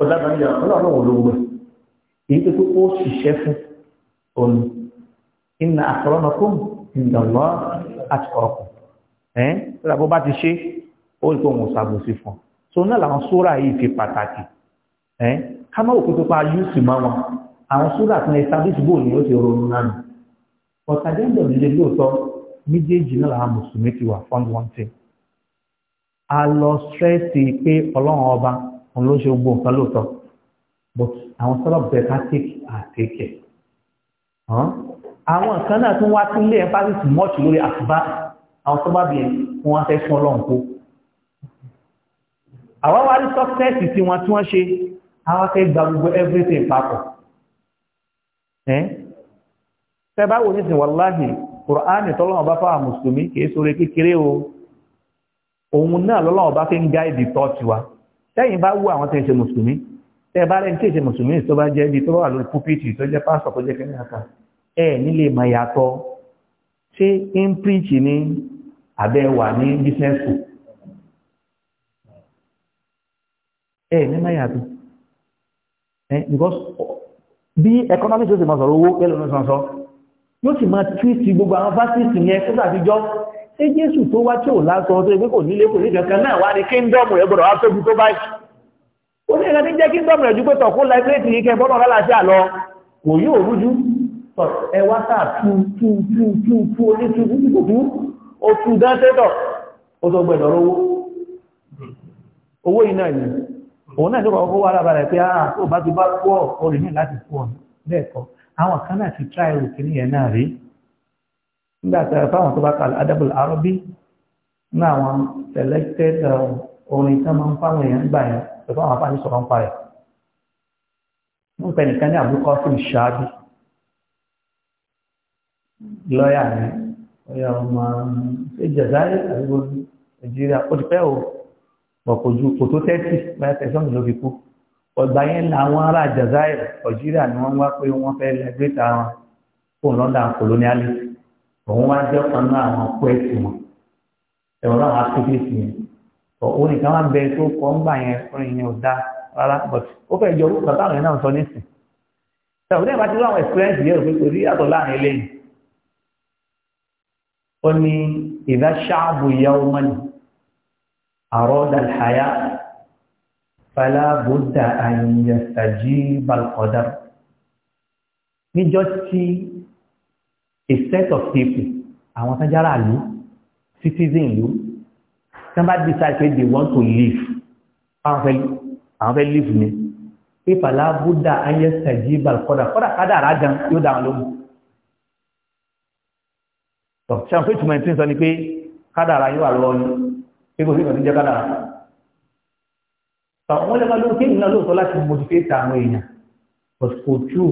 ọdún advantage àwọn ọlọ́wọ́n lò wọ́n èyí tó tó ó ṣiṣẹ́ fún òun inna akramakum indallahi atqakum ẹ́ tó dàbó bá ti ṣe ó rí pé òun ṣàbòsí fún un so náà làwọn sóra yìí fi pàtàkì ẹ́ ká má òkú pípa yúùsì mọ́ wọn àwọn sóra tó ń establish bóòlù ni ó ti ronú náà nù ọ̀tàjẹ́ ń dọ̀bí lè lóòótọ́ méjèèjì náà làwọn mùsùlùmí ti wà fún wọn tì a lọ strẹ́ẹ̀sì pé ọlọ́run ọba òun ló ṣe gbogbo nǹkan lóòótọ́ but àwọn sọ́dọ̀ bẹ̀ẹ́ ká take àtẹ́kẹ̀ àwọn kan náà tún wá sí ilé emphasis much lórí àtúbá àwọn tó bá bí wọn wá fẹ́ fún ọlọ́run kó àwọn wá rí sọ́kẹ́ẹ̀sì tí wọ́n tí wọ́n ṣe àwọn gba gbogbo everything papọ̀ ṣe bá wo nísìnyí wàláhì kùránì tọ́lọ́wọ́n bá fáwọn mùsùlùmí kìí sórí kékeré o òun náà lọ́lọ́wọ́n bá fi ń gá ìdí tọ́ọ̀tì wa sẹ́yìn bá wú àwọn tẹ́ ṣe mùsùlùmí tẹ́ bá rẹ̀ ń ẹ nílé mọ̀ yàtọ̀ ṣé ń preach ní abẹ́ wà ní business school ẹ ní mọ̀ yàtọ̀ ẹ because bí economics yóò sì máa sọ̀rọ̀ owó pẹ̀lú ní sọ̀nsọ́ yóò sì máa treat gbogbo àwọn fásitì yẹn kó sàfijọ́ ṣé Jésù tó wá tí ò lásán tó ṣe pé kò nílé kò ní kankan náà wá ní kíndọ̀mù rẹ̀ gbọ́dọ̀ wá tóbi tó báyìí ó ní ẹ̀ka tí ń jẹ́ kíndọ̀mù rẹ̀ ju pé tọ̀kú láìpẹ́ tì í kẹ́ bọ́lọ̀ rálá sí àlọ́ kò yóò rújú tọ̀ ẹ wá sáà tú tú tú tú tú orí tú tú tú tú ó tú dáńtẹ́tọ̀ ó tó gbẹ̀dọ̀ lówó owó iná yìí òun náà ló kọ́ kó wá lábàrẹ̀ pé áà ah, tó bá ti bá kú ọ̀ ó láti kú lẹ́ẹ̀kọ́ àwọn kan náà ti try rò kí nìyẹn náà rí nígbà tí fáwọn tó bá kà adabul arabi náà àwọn selected uh, orin tán máa ń fáwọn èèyàn gbà yẹn pẹ̀lú àwọn afáàní sọ̀rọ̀ ń parẹ̀ wọ́n pẹ̀ nìkan ní àbúkọ́ fún ìṣáájú lọ́yà ni ọ̀yà ọmọ ìjẹ̀dáyé àdúgbò nàìjíríà ó ti pẹ́ o ọ̀kọ̀jú kò tó tẹ́tì báyà tẹ̀sán ló fi kú ọgbà yẹn làwọn ará jẹ̀dáyé nàìjíríà ni wọ́n wá pé wọ́n fẹ́ lẹ́gbẹ̀ta wọn fún lọ́dà coloniali òun wá jẹ́ ọ̀kan náà àwọn pẹ́ẹ́tì wọn ẹ̀wọ̀n náà wá tó fèsì yẹn òun nìkan wá bẹ tó kọ́ ńgbà yẹn fún ìyẹn ò dáa rárá but ó fẹ́ jọ orúkọ táwọn yẹn náà sọ nísìn ó ní ìdá ṣáàbù yawman àrọ́dà àyà falábùdà àyìnyẹ̀sàjì balkọ̀dá níjọ́ tí a set of people àwọn sanjára ìlú citizen ìlú tí wọ́n bá decide pé they want to live àwọn fẹ́ àwọn fẹ́ live ni ìfàlábùdà àyìnyẹ̀sàjì balkọ̀dá kọ́dà kádàrá gan yóò dá lóhùn tọ̀ ṣe àwọn pẹ́tùmọ̀ tí ń sọ ni pé kádàrà yóò wà lọ́ọ́ ni pé kò sí ìkànnì jẹ́ kádàrà tọ̀ wọ́n lè máa lóòótọ́ ìlú náà lóòótọ́ láti motivate àwọn èèyàn kò tú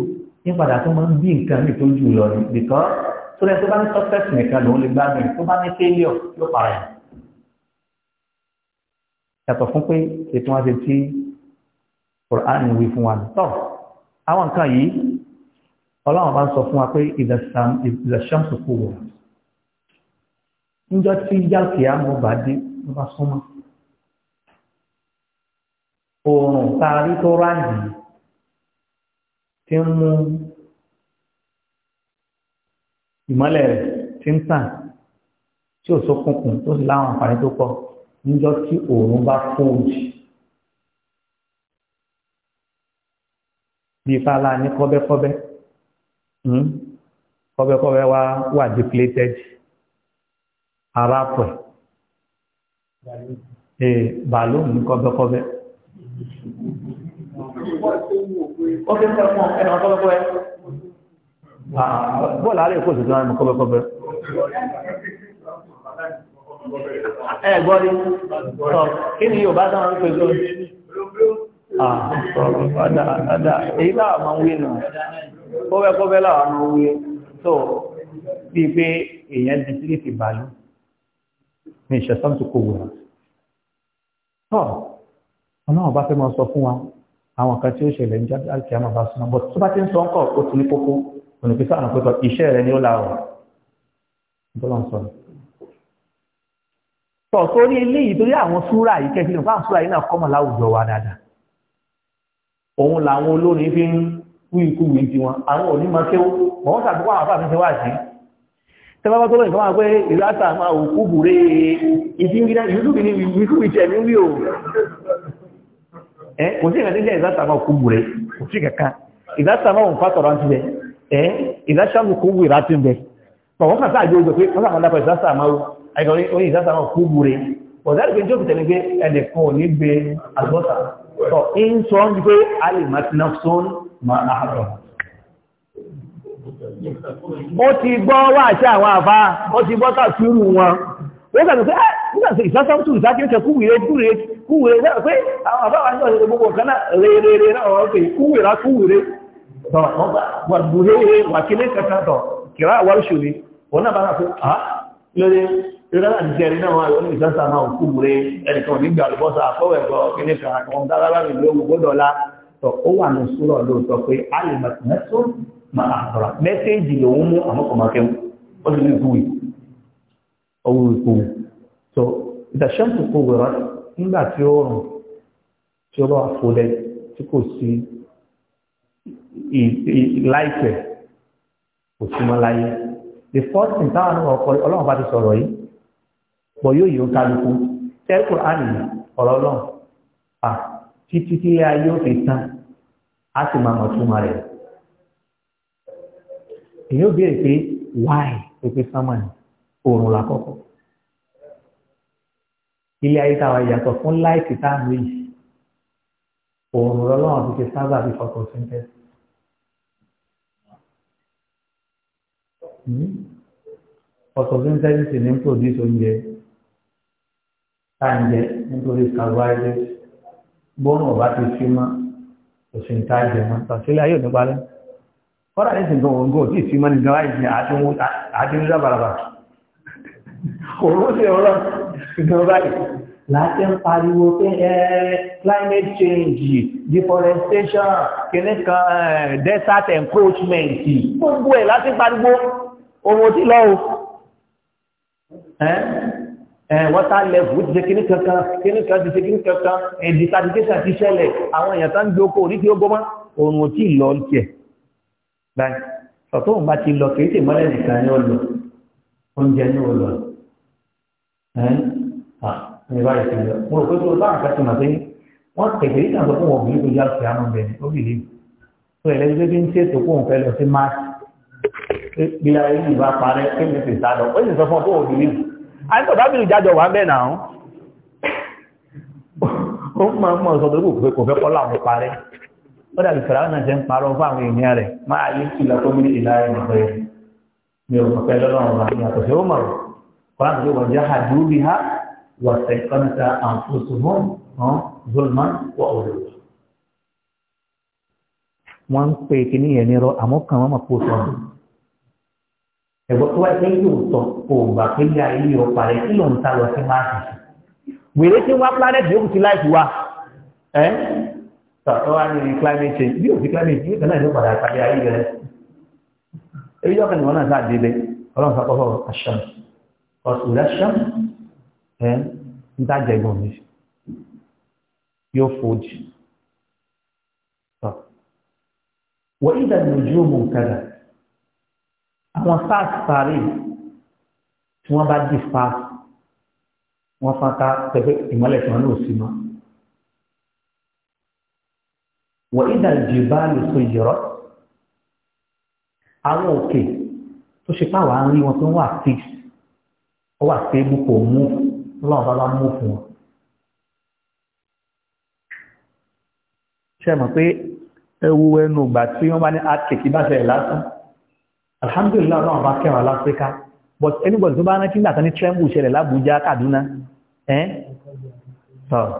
ní padà tó máa ń bí nǹkan mi tó jù lọ ni because tó lẹ́ tó bá ní success nìkan lòún lè gbádùn tó bá ní failure yóò para yàtọ̀ fún pé ètò wọn ṣe tí Quran wí fún wa tọ̀ àwọn nǹkan yìí Ọlọ́run bá ń sọ fún wa pé ìdàṣàmùsùkú wọ̀ níjọ́ tí yálùkì á mọ̀ bá dé ló bá súnmọ́. oòrùn tá a rí tó ráàyè ti ń mú ìmọ́lẹ̀ rẹ̀ ti ń tàn tí ò sókùnkùn tó sì láwọn àǹfààní tó pọ̀ níjọ́ tí oòrùn bá fòòjì. bíi fàlà ní kọ́bẹ́kọ́bẹ́ hmm? kọ́bẹ́kọ́bẹ́ wa wà depleted arápẹ̀ ee bàálù ní kọ́bẹ́kọ́bẹ́ ó fi ń fẹ́ fún ẹ̀rọ kọ́bẹ́kọ́bẹ́ bọ́ọ̀lù àárẹ̀ kò sì tún ẹ̀rọ kọ́bẹ́kọ́bẹ́ ẹ gbọ́ ní sọ kí ni Yorùbá dáhùn pé sọ àdá èyí láà máa ń wé nù kọ́bẹ́kọ́bẹ́ láà máa ń wé tó bíi pé èèyàn di sílẹ̀ ti bàálù min shaitan tó kó wùrà. tọ́ ọlọ́run bá fẹ́ máa sọ fún wa àwọn kan tí ó ṣẹlẹ̀ ní jáde àti àmọ́ bá súná bọ́ tó bá ti ń sọ ńkọ̀ ó ti ní kókó ònìkísà àwọn pẹ̀tọ̀ iṣẹ́ rẹ ni ó la ọ̀ bọ́lá ń sọ ni. tọ̀ sórí eléyìí torí àwọn súrà yìí kẹ́kí nípa àwọn súrà yìí náà kọ́mọ̀ láwùjọ wa dáadáa. òun làwọn olórin fi ń wí ikú wí tiwọn àwọn òní máa kéwọ́ tẹ́bàbá tó lọ ìfọ́wà pé ìlàtà máa òkú bùré ìfíngídá ìrúbì ní wíkúrì tẹ̀ ní wíò ẹ́ kò sí ìrìnàjẹ́ ìlàtà máa òkú bùré kò sí kẹ̀kẹ́ ìlàtà máa òǹfà tọ̀rọ̀ ti bẹ̀ ẹ́ ìlàṣàmù kó wù ìrà ti bẹ̀ pọ̀wọ́n kàtà àjọ ìgbẹ̀ pé wọ́n sàmọ́ dápọ̀ ìlàtà máa orí ìlàtà máa òkú bùré ọ̀dàgbé jókè tẹ̀lé pé ẹnìkan ò ní gbé àgbọ́ta tọ̀ ń sọ ń gbé alìmọ̀tínà sọ́n máa àhàbọ̀ ó ti gbọ́ wà àti àwọn àfá ó ti gbọ́ tàfírù wọn ó gbà pé ah, nígbàtí ìsásáwùtù ìsákẹ́kẹ́ kúwèrè kúwèrè kúwèrè náà pé àwọn àfá wà nígbàtí gbogbo kan náà rèrèrè náà wọ́n pè kúwèrè kúwèrè wàdúréré wàkílé kẹta tọ̀ kìrá àwárúṣòrí wọn náà bá ah, náà pé à lórí ìrẹ́lá ìjẹrin náà wọ́n ní ìsásá náà kúwèrè ẹnìkan nígbà àlùbọ́sà àkọ́wẹ̀kọ́ kíní kan àkọ́ Ah, máa àtọ̀rà mẹ́sẹ́ẹ̀jì lòun mú àmọ́kọ̀mọ́kẹ́wù ó sì ní ìkúwì ọwọ́ ìkúwì so ìdàṣẹ́ǹtì kò wẹ̀rọ nígbà tí ó rùn tí ó bá fòlẹ̀ tí kò sí láìpẹ́ kò sí mọ́ láyé the first thing táwọn náà ọkọ ọlọ́run bá ti sọ̀rọ̀ yìí pọ̀ yóò yóò kálukú tẹ́kù ánìyàn ọ̀rọ̀ ọlọ́run à títí tí ayé ó fi tán á sì máa mọ̀ túmọ̀ rẹ̀ èyí ò pé why pépé sánmà ni oòrùn lákọ̀ọ́kọ́ ilé ayé táwa yàtọ̀ fún láìsí táàmù yìí oòrùn lọ́lọ́wọ́ fi ṣe sábà fi photosynthesis. Hmm? photosynthesis ní ń produce oúnjẹ táǹjẹ ń produce carbohydrate bọ́ọ̀nù ọ̀bá ti fi mọ́ òṣìǹtàjẹ mọ́ tàṣílẹ̀ ayé ò ní parẹ́ kọ́dà ní ìsìn gbọ̀ngàn gbọ̀ tí ìsìn mọ́ni gan àìsìn àdínúdá bàràbà òun sì ọ̀rọ̀ ìgbọ̀n báyìí láti ń pariwo pé ẹ climate change deforestation kìíní kan desert encroachment gbogbo ẹ̀ láti pariwo ohun tí lọ́wọ́ water level ti ṣe kíní kankan kíní kan ti ṣe kíní kankan desertification ti ṣẹlẹ̀ àwọn èèyàn tán gbé oko orí tí ó gbọ́mọ́ ohun tí lọ́ọ́ tiẹ̀ báyìí sọ̀tọ́ òun bá ti lọ kìí sì mọ́lẹ̀ nìkan ni ó oúnjẹ ni ó lọ à ní báyìí ti mo rò pé tó bá àkàtì mà pé wọ́n tẹ̀gbẹ́ yìí kàn sọ fún wọn òbí tó yá sí àmọ́ bẹ́ẹ̀ ni ó bìlì tó ẹ̀lẹ́ gbé bí ń ṣe ètò fóun fẹ́ lọ sí má bí ara yìí bá parẹ́ kí ni sì sá lọ ó sì sọ fún ọ fóun òbí àìsàn bá bìlì jájọ wà bẹ́ẹ̀ náà ó máa ń mọ̀ sọ́dọ̀ kò fẹ́ kọ́ làwọn parẹ́ ó dàbí fìràwọ́n náà ṣe ń parọ́ fún àwọn èèyàn rẹ̀ máa yí kí lọ́kọ́ mi ìlà ẹ̀mọ̀ pé mi ò pẹ́ lọ́lọ́run bá mi àtọ̀ṣe ó mọ̀rọ̀ wọ́n á ti wọ́n àdúró bí ha wọ́n ṣe kọ́nìta àǹfóṣù hàn zulman wọ́n ò lò. wọ́n ń pè kíní yẹn nírọ́ àmọ́ kàn wọ́n mọ̀ kó sọ ọ́n. ẹ̀gbọ́n tó wá ṣe yóò sọ òògbà pé ní ayé yóò parẹ́ kí lóun ta lọ sí máàkì. wèrè tí wọ́n á pílánẹ̀tì ti láì tọ̀tọ̀ wá ní climate change bí òfin climate change kan náà ló padà ebi yọ̀ọ́ kan ní wọn náà sáà débẹ̀ ọlọ́run sàkọ́fọ́ aṣọ́n ọ̀sùn lẹ́ṣọ́n ẹ̀ ń dájẹ́ gbọ̀n mi yóò fojì tọ̀ wọ́n ìdá ní ojú òmù kẹrẹ̀ àwọn sars parí tí wọ́n bá di fast wọ́n fọ́n ká pẹ̀lú ìmọ̀lẹ̀ tí wọ́n náà sì máa. wọ́n ìdá ìjìbá lè so ìyọ̀rọ̀ àwọn òkè tó ṣe pàwọ́ à ń rí wọn tó wà fix ó wà stable kò mú lọ́wọ́ bá bá mú fún wọn. ṣe mọ̀ pé ẹwu ẹnu ìgbà tí wọ́n bá ní àtìkì bá ṣẹlẹ̀ lásán alhamdulilayi ọlọ́run bá kẹwàá láfíríkà but anybody tó bá rántí nígbà kan ní tremble ṣẹlẹ̀ lábújá Kaduna ẹ́ sọ̀rọ̀.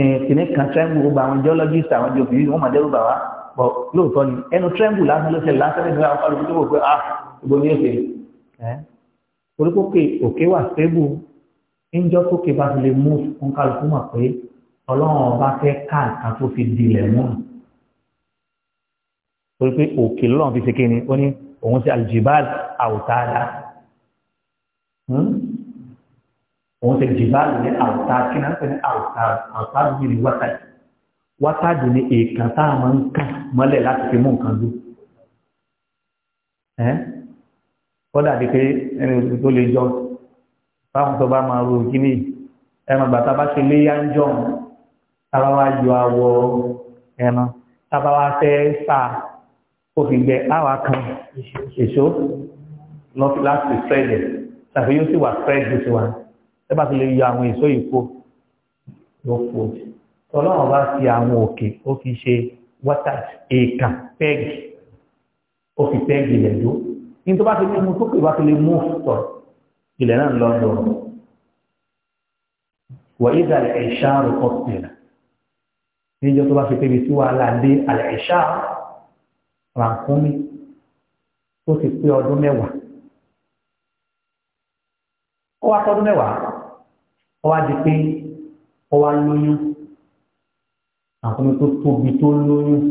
Eh, kìnní kan tremble ó ba àwọn geologist àwọn geophysicists wọ́n máa dẹ́rù bà wá bọ̀ lóòótọ́ ni ẹnu tremble lásán ló ṣe lásán ló ṣe àwọn ọ̀rọ̀ tó wò pé ah gbogbo ní èsè ẹ́ eh, oríkókè òkè wà stable níjọ́ tókè bá fi lè mú fún kálukú mọ̀ pé ọlọ́run ọba fẹ́ ká nǹkan tó fi dilẹ̀ mú un torí pé òkè lọ́run fi ṣe kéne ó ní òun ṣe àlùjìbáàlì àwòtáàdá òun ṣe jìbáàlù ní àwùtá kí náà ń pè ní àwùtá àwùtá lóbi ní wátàdì wátàdì ní èèkàn tá a máa ń kàn mọ́lẹ̀ láti fi mú nǹkan dùn ẹ́ kódà di pé ẹni tó lè jọ báwọn tó bá máa ro kíní ẹran bàtà bá ṣe léyà ń jọ tábà wá yọ awọ ẹran tábà wá fẹ́ sá òfin gbẹ àwa kan èso láti fẹ́ẹ̀dẹ̀ tàbí yóò sì wà fẹ́ẹ̀dì sí wa tẹ́bà ti lè yọ àwọn èso ìkó ló kú òjì tọ́lọ́wọ́n bá fi àwọn òkè ó fi ṣe wọ́tà èèkà pẹ́ẹ̀gì ó fi pẹ́ẹ̀gì ilẹ̀ dó ní tó bá ti lè mú tó pè bá ti lè mú sọ ilẹ̀ náà lọ lọ wà ìdá ẹ̀ṣá rò ọ̀pẹ̀lá níjọ́ tó bá fi pébi tí wàhálà dé àlẹ̀ ẹ̀ṣá rànkúnmí tó ti pé ọdún mẹ́wàá ó wá tọ́dún mẹ́wàá ọwá di pé ọwá lóyún àwọn tó tóbi tó lóyún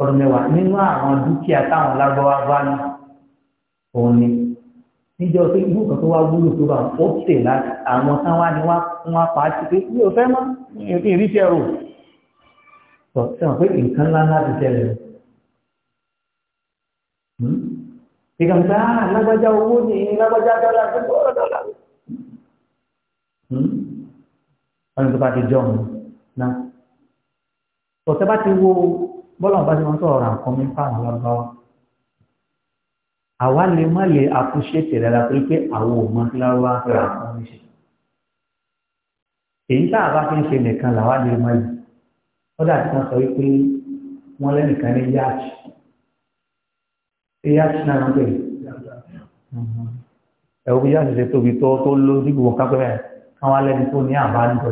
ọdún mẹ́wàá nínú àwọn dúkìá táwọn lágbọ́wá bá ní òun ni níjọ pé irú kan tó wá wúlò tó bá ó tè láti àwọn táwọn ni wọ́n pa á ti pé mi ò fẹ́ mọ́ ìrísí ẹ̀rọ sọ sẹ́wọ̀n pé nǹkan ńlá ńlá ti tẹ̀lé hmm? ìgbà ń ta ah, lágbájá owó ni lágbájá dọ́là tó dọ́là Hmm? ọ̀nà tó bá ti jọ̀hún náà. ọ̀sẹ̀ bá ti wo bọ́lá ọ̀bá tí wọ́n sọ̀rọ̀ nǹkan mi fáwọn alábáwá. àwa lè má lè àkúṣe tẹ̀lé ara pé pé àwọn ò mọ kíláwó wá fẹ́ ra nǹkan mi ṣe. èyí tá a bá fi ń ṣe nìkan làwa lè má lè. ó dà tí wọ́n sọ wípé wọ́n lẹ́nìkan ní yáàkì. yáàkì náà ń pè é. ẹ̀wọ̀n yáàkì ṣe tóbi tó tó lójú gbogbo kápẹ́ mẹ́rin káwọn alẹ́ni tó ní àbájọ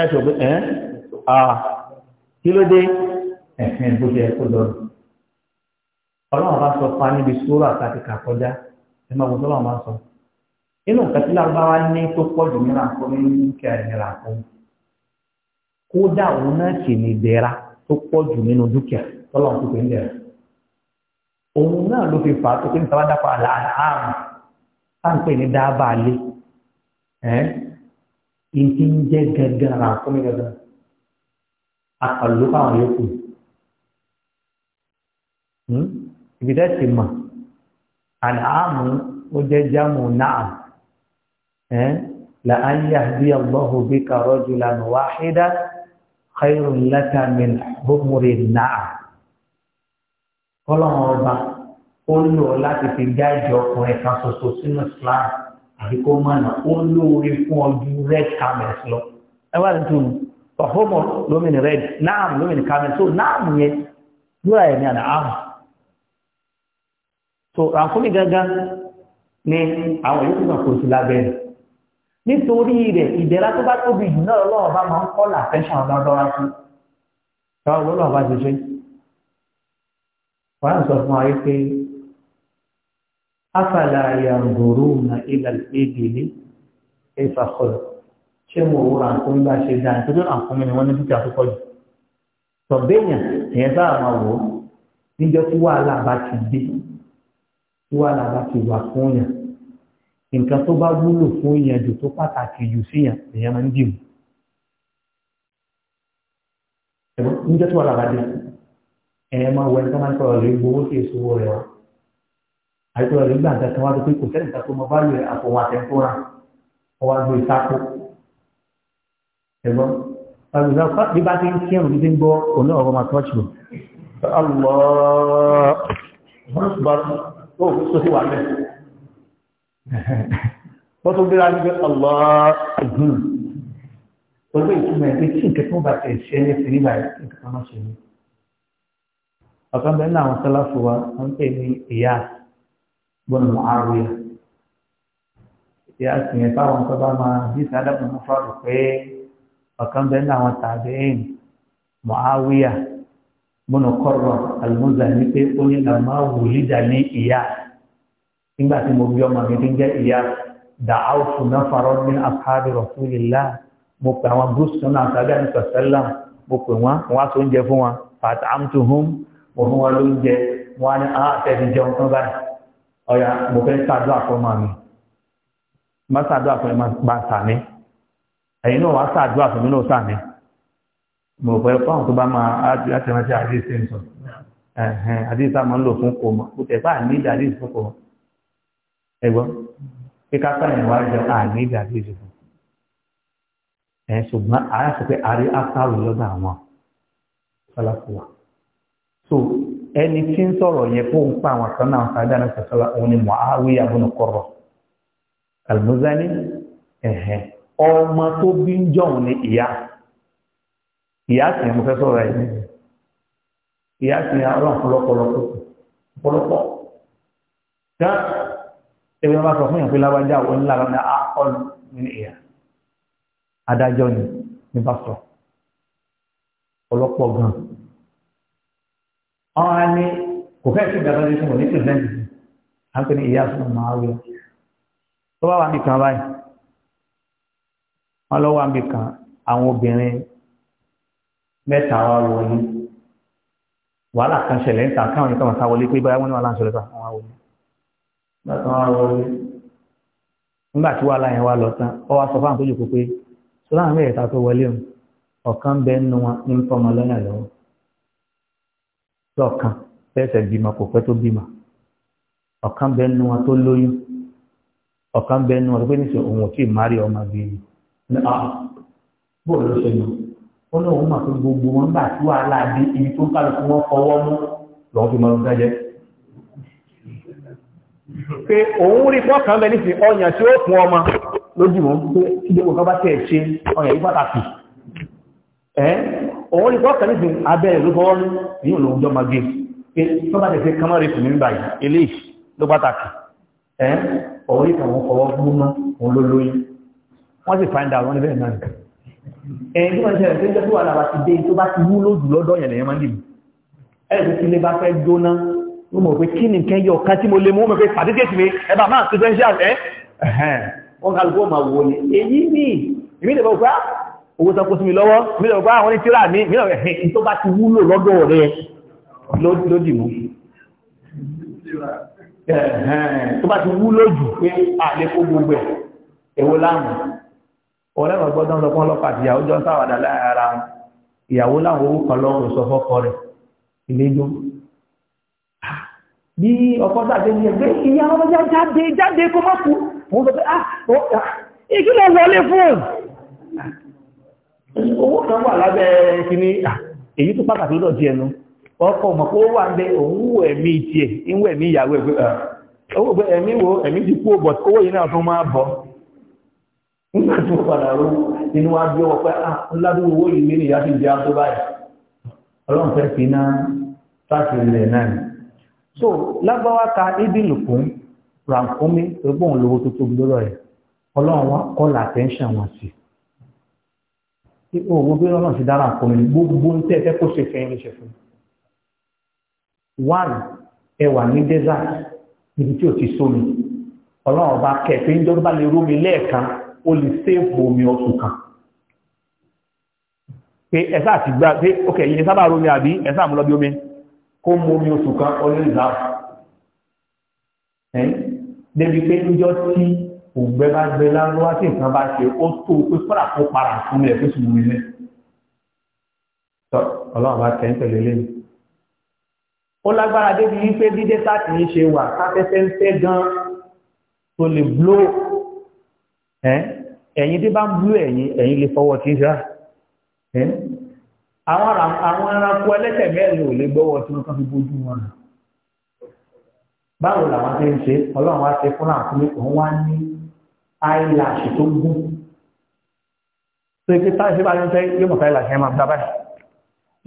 ẹ̀ ṣò pé ẹ̀ kí ló dé ẹ̀fìn bó ṣe ẹ̀kọ́ lọ́rùn ọlọ́run bá sọ fún wa níbi sóòrò àtàkì kàkọjá ẹ máa wọ sọ́lọ́run bá sọ inú nǹkan tí lágbára ní tó pọ̀ jù nínú àkọ́ ní dúkìá ìnira àkọ́ kódà òun náà sì ní ìdẹ̀ra tó pọ̀ jù nínú dúkìá tọ́lọ́run tó pè ń dẹ̀ra òun náà ló fi fà á tó pé nípa bá dápọ̀ àlàáhàmù táǹpẹ̀ ní dábàá lé ẹ́ ìdí ń jẹ́ gẹ́gẹ́ ara fún mi gẹ́gẹ́ àkàlù fáwọn yòókù hmm? ibi tẹ́ ti mọ̀ àdáàmù ó jẹ́ jámù náà ẹ́ la an yahdiya Allahu bika rajulan wahida khayrun laka min humri náà kọ́lọ́mọ ọba ó lò láti fi gáàjì ọkùnrin kan ṣoṣo sínú Islam àfi kó máa nà ó lóore fún ọdún red camels lọ ẹ wá lóṣù pàfọ́mọ̀ lómìnì red náà lómìnì camels so náà yẹn lóra ẹ̀mí àná àmà so ràǹkómi gangan ni àwọn yòókù náà kò sí lábẹ́ rẹ̀ nítorí rẹ̀ ìdẹ̀ra tó bá tóbi jù náà lọ́wọ́ bá máa ń kọ́ làfẹ́ṣàn lọ́dọ́ra sí ṣáà lọ́wọ́ bá ti ṣe wọ́n á sọ fún wa yìí pé afala yanzuruna ila al-ibli kayfa khulq ṣé mo wo àǹkóń bá ṣe dáa nítorí àǹkóń ni wọ́n ní dúkìá tó pọ̀jù tọ̀bẹ́yàn èèyàn sáà máa wò ó níjọ́ tí wàhálà bá ti dé tí wàhálà bá ti wà fún yàn nǹkan tó bá wúlò fún yàn jù tó pàtàkì jù sí yàn èèyàn máa ń dì mú níjọ́ tí wàhálà bá dé èèyàn máa wọ ẹni tó máa ń sọ̀rọ̀ lè gbowó sí èso rẹ̀ wá àìsàn rẹ̀ gbà nǹkan kan wá pé kò sẹ́ni kan tó mọ báyìí rẹ̀ àfọwọ́ àtẹ̀kọ́ra wọ́n wá gbé sáko ẹ̀gbọ́n àgbẹ̀dá kọ́ bí bá ti ń kírun ní ti ń gbọ́ òun náà ọmọ àtọ́jú wọ́n tó gbéra ní pé ọlọ́ọ̀gbìn olú ìtumọ̀ ẹ̀ pé tí nǹkan tó bá tẹ̀ ṣe ní ti nígbà yìí nǹkan tó má ṣe ní. ọ̀kan bẹ́ẹ̀ náà àwọn sọ́lá fún wa wọ́n pè ní ìyá بن معاوية يا أسمي فاهم طبعا ما جيت على ابن مفرق إيه وكان بيننا والتابعين معاوية بن قرة المزني يقول لما ولد لي إياه إنما تمو بيوم ما تنجا إياه دعوت نفرا من أصحاب رسول الله مكوا وانبوس كنا أصحابي عليه وسلم مكوا واسون جفوا فأطعمتهم وهو لنجا وأنا أعتذر جوتهم بس ọ̀yà mo fẹ́ ṣàdúrà fún ọmọ mi má ṣàdúrà fún ẹ má bá sàmí ẹ̀yin náà wá ṣàdúrà fún mi náà sàmí mo fẹ́ fáwọn tó bá máa láti rántí àdé sẹ́ńsọ̀ àdé sá máa ń lò fún kò mọ̀ kò tẹ̀ bá àní ìdàdí fún kò mọ̀ ẹ gbọ́ kíká sáyẹn wá jẹ àní ìdàdí fún ẹ ṣùgbọ́n àyàfẹ́ pé àrí áfáàrù lọ́dọ̀ àwọn fọlá ẹni tí ń sọ̀rọ̀ yẹ kó ń pa àwọn kan náà sáadá náà sọ̀sọ́lá òun ni Muawiya ibn Qurra Al-Muzani ẹ̀hẹ̀ ọmọ tó bí ń jọ̀hún ni ìyá ìyá sì ń fẹ́ sọ̀rọ̀ ẹ̀ ìyá sì ń rọ̀ ọ̀pọ̀lọpọ̀lọpọ̀ ọ̀pọ̀lọpọ̀ gá ebi wọn sọ fún yàn pé lábájá òun ńlá lọ́nà àkọlù ní ìyá adájọ́ ni ní bá sọ ọ̀pọ̀lọpọ̀ gan-an àwọn á ní kò fẹ́ sí ìgbàgbọ́ ní sùnwó ní pìrìsẹ́ǹtì à ń pè ní ìyá sùnwó máa wí tó bá wà ní kan báyìí wọn lọ́wọ́ àmì kan àwọn obìnrin mẹ́ta wà wọlé wàhálà kan ṣẹlẹ̀ níta káwọn nìkan wọn sá wọlé pé báyà wọn ní wàhálà ń ṣẹlẹ̀ tó àwọn wọlé nígbà tí wọn wọlé nígbà tí wàhálà yẹn wà lọ tán ọ wá sọ fáwọn tó jù kó pé sọláhàn mẹ́ta tó wọlé ọ̀kan bẹ́ẹ̀ nínú wọn ń fọmọ lọ́nà lọ́wọ́. lọ́ọ̀kan ọkan bímọ kò pẹ́ tó bímọ ọ̀kan bẹ́ẹ̀ nu wọn tó lóyún ọ̀kan bẹ́ẹ̀ nu wọn tó pé níṣẹ́ òun ò tí ì márì ọmọ bíi ní à ah, bó ló ṣe nù gbogbo wọn gbà tí ibi tó ń wọn fọwọ́ mú lọ́wọ́ òun ní kọ́kà ní ìsìn abẹ́rẹ̀ ló fọwọ́ ní yíò lòun jọ máa gbé pé tó bá tẹ̀sẹ̀ kamọ́ rẹ̀ fún báyìí eléyìí ló pàtàkì ẹ́ òun ní kàwọn fọwọ́ gbóná òun ló lóyún wọ́n sì find out wọ́n ní bẹ́ẹ̀ náà ẹ̀yìn tí wọ́n ṣẹlẹ̀ tó ń jẹ́ tó wà lára ti dé tó bá ti wú lójú lọ́dọ̀ yẹn lẹ́yìn máa ń dìbò ẹ̀ tó ti lé bá fẹ́ jóná ó mọ̀ pé kí nìkan yọ ọ̀kan tí mo lè mú mọ̀ pé pàdéjèsì mi ẹ owó tán kó sí mi lọ́wọ́ mílẹ̀ òpá àwọn onítírà mi ah, mílẹ̀ ẹ̀hìn tó bá ti wúlò lọ́dọ̀ rẹ lódì mú tó bá ti wúlò jù pé àlẹ́ kó gbogbo ẹ̀ èwo láàmù ọ̀rẹ́mọ̀ gbọ́dọ̀ lọ́pọ̀ ọlọ́pàá àti ìyàwó jọ ń sáwàdà láàárín ara wọn ìyàwó láwọn owó kan lọ́rùn sọ fọ́kọ rẹ̀ ìlẹ́jọ́ ah, bí ọkọ sáàdé ní ẹgbẹ́ ìyá ọmọ jáde jáde kó má kú òun sọ pé ah, ah ìkílọ̀ wọlé fún owó kan wà lábẹ́ kíní èyí tó pàtàkì lọ́dọ̀ ti ẹnu ọkọ̀ mọ̀ pé ó wà ní òun ẹ̀mí ti ẹ̀ inú ẹ̀mí ìyàwó ẹ̀gbẹ́ ẹ̀mí wo ẹ̀mí ti kú ọgbọ̀ owó yìí náà tó máa bọ̀ nígbà tí ó padà rú inú wa bí ọwọ́ pé ládùn owó yìí ti fi iná so lágbáwá ka ibi lùkún ràǹkúnmí tó lówó pé ó oh, wo bí ọlọ́run ti dára àkọ́ mi gbogbo ń tẹ́ ẹ fẹ́ kó ṣe fẹ́ ní ṣe fún mi. one ẹ wà ní desert níbi tí o ti sómi ọlọ́run bá kẹ́ ẹ pé ń dọ́gba lè rómi lẹ́ẹ̀kan ó lè séèpù omi ọ̀sùn kan pé ẹ̀sà àti gbá pé ok ìyẹn sábà rómi àbí ẹ̀sà àmúlọ́bí omi kó mú omi oṣù kan ọlọ́run ìzáàbù débi pé níjọ́ tí ògbẹ́ bá gbẹ lárúbá tí nǹkan bá ṣe ó tó pé fúnra kó para fún mi ẹ̀ tó sì mú mi lẹ́ ọlọ́run bá tẹ̀ ń tẹ̀lé lẹ́yìn ó lágbára débi wípé bí dẹ́tà kì í ṣe wà káfẹ́fẹ́ ń fẹ́ gan tó lè bló ẹ̀yìn tí bá ń bló ẹ̀yìn ẹ̀yìn lè fọwọ́ tí ra àwọn ẹranko ẹlẹ́sẹ̀ mẹ́rin ò lè gbọ́wọ́ tí wọ́n kàn fi bójú wọn báwo làwọn ti ń ṣe ọlọ́run wá ṣe fúnra fún mi òun wá ní eyelash tó gún tó ike tá ìṣẹ́ bá ní fẹ́ yóò mọ̀ eyelash ẹ̀ máa gbá báyìí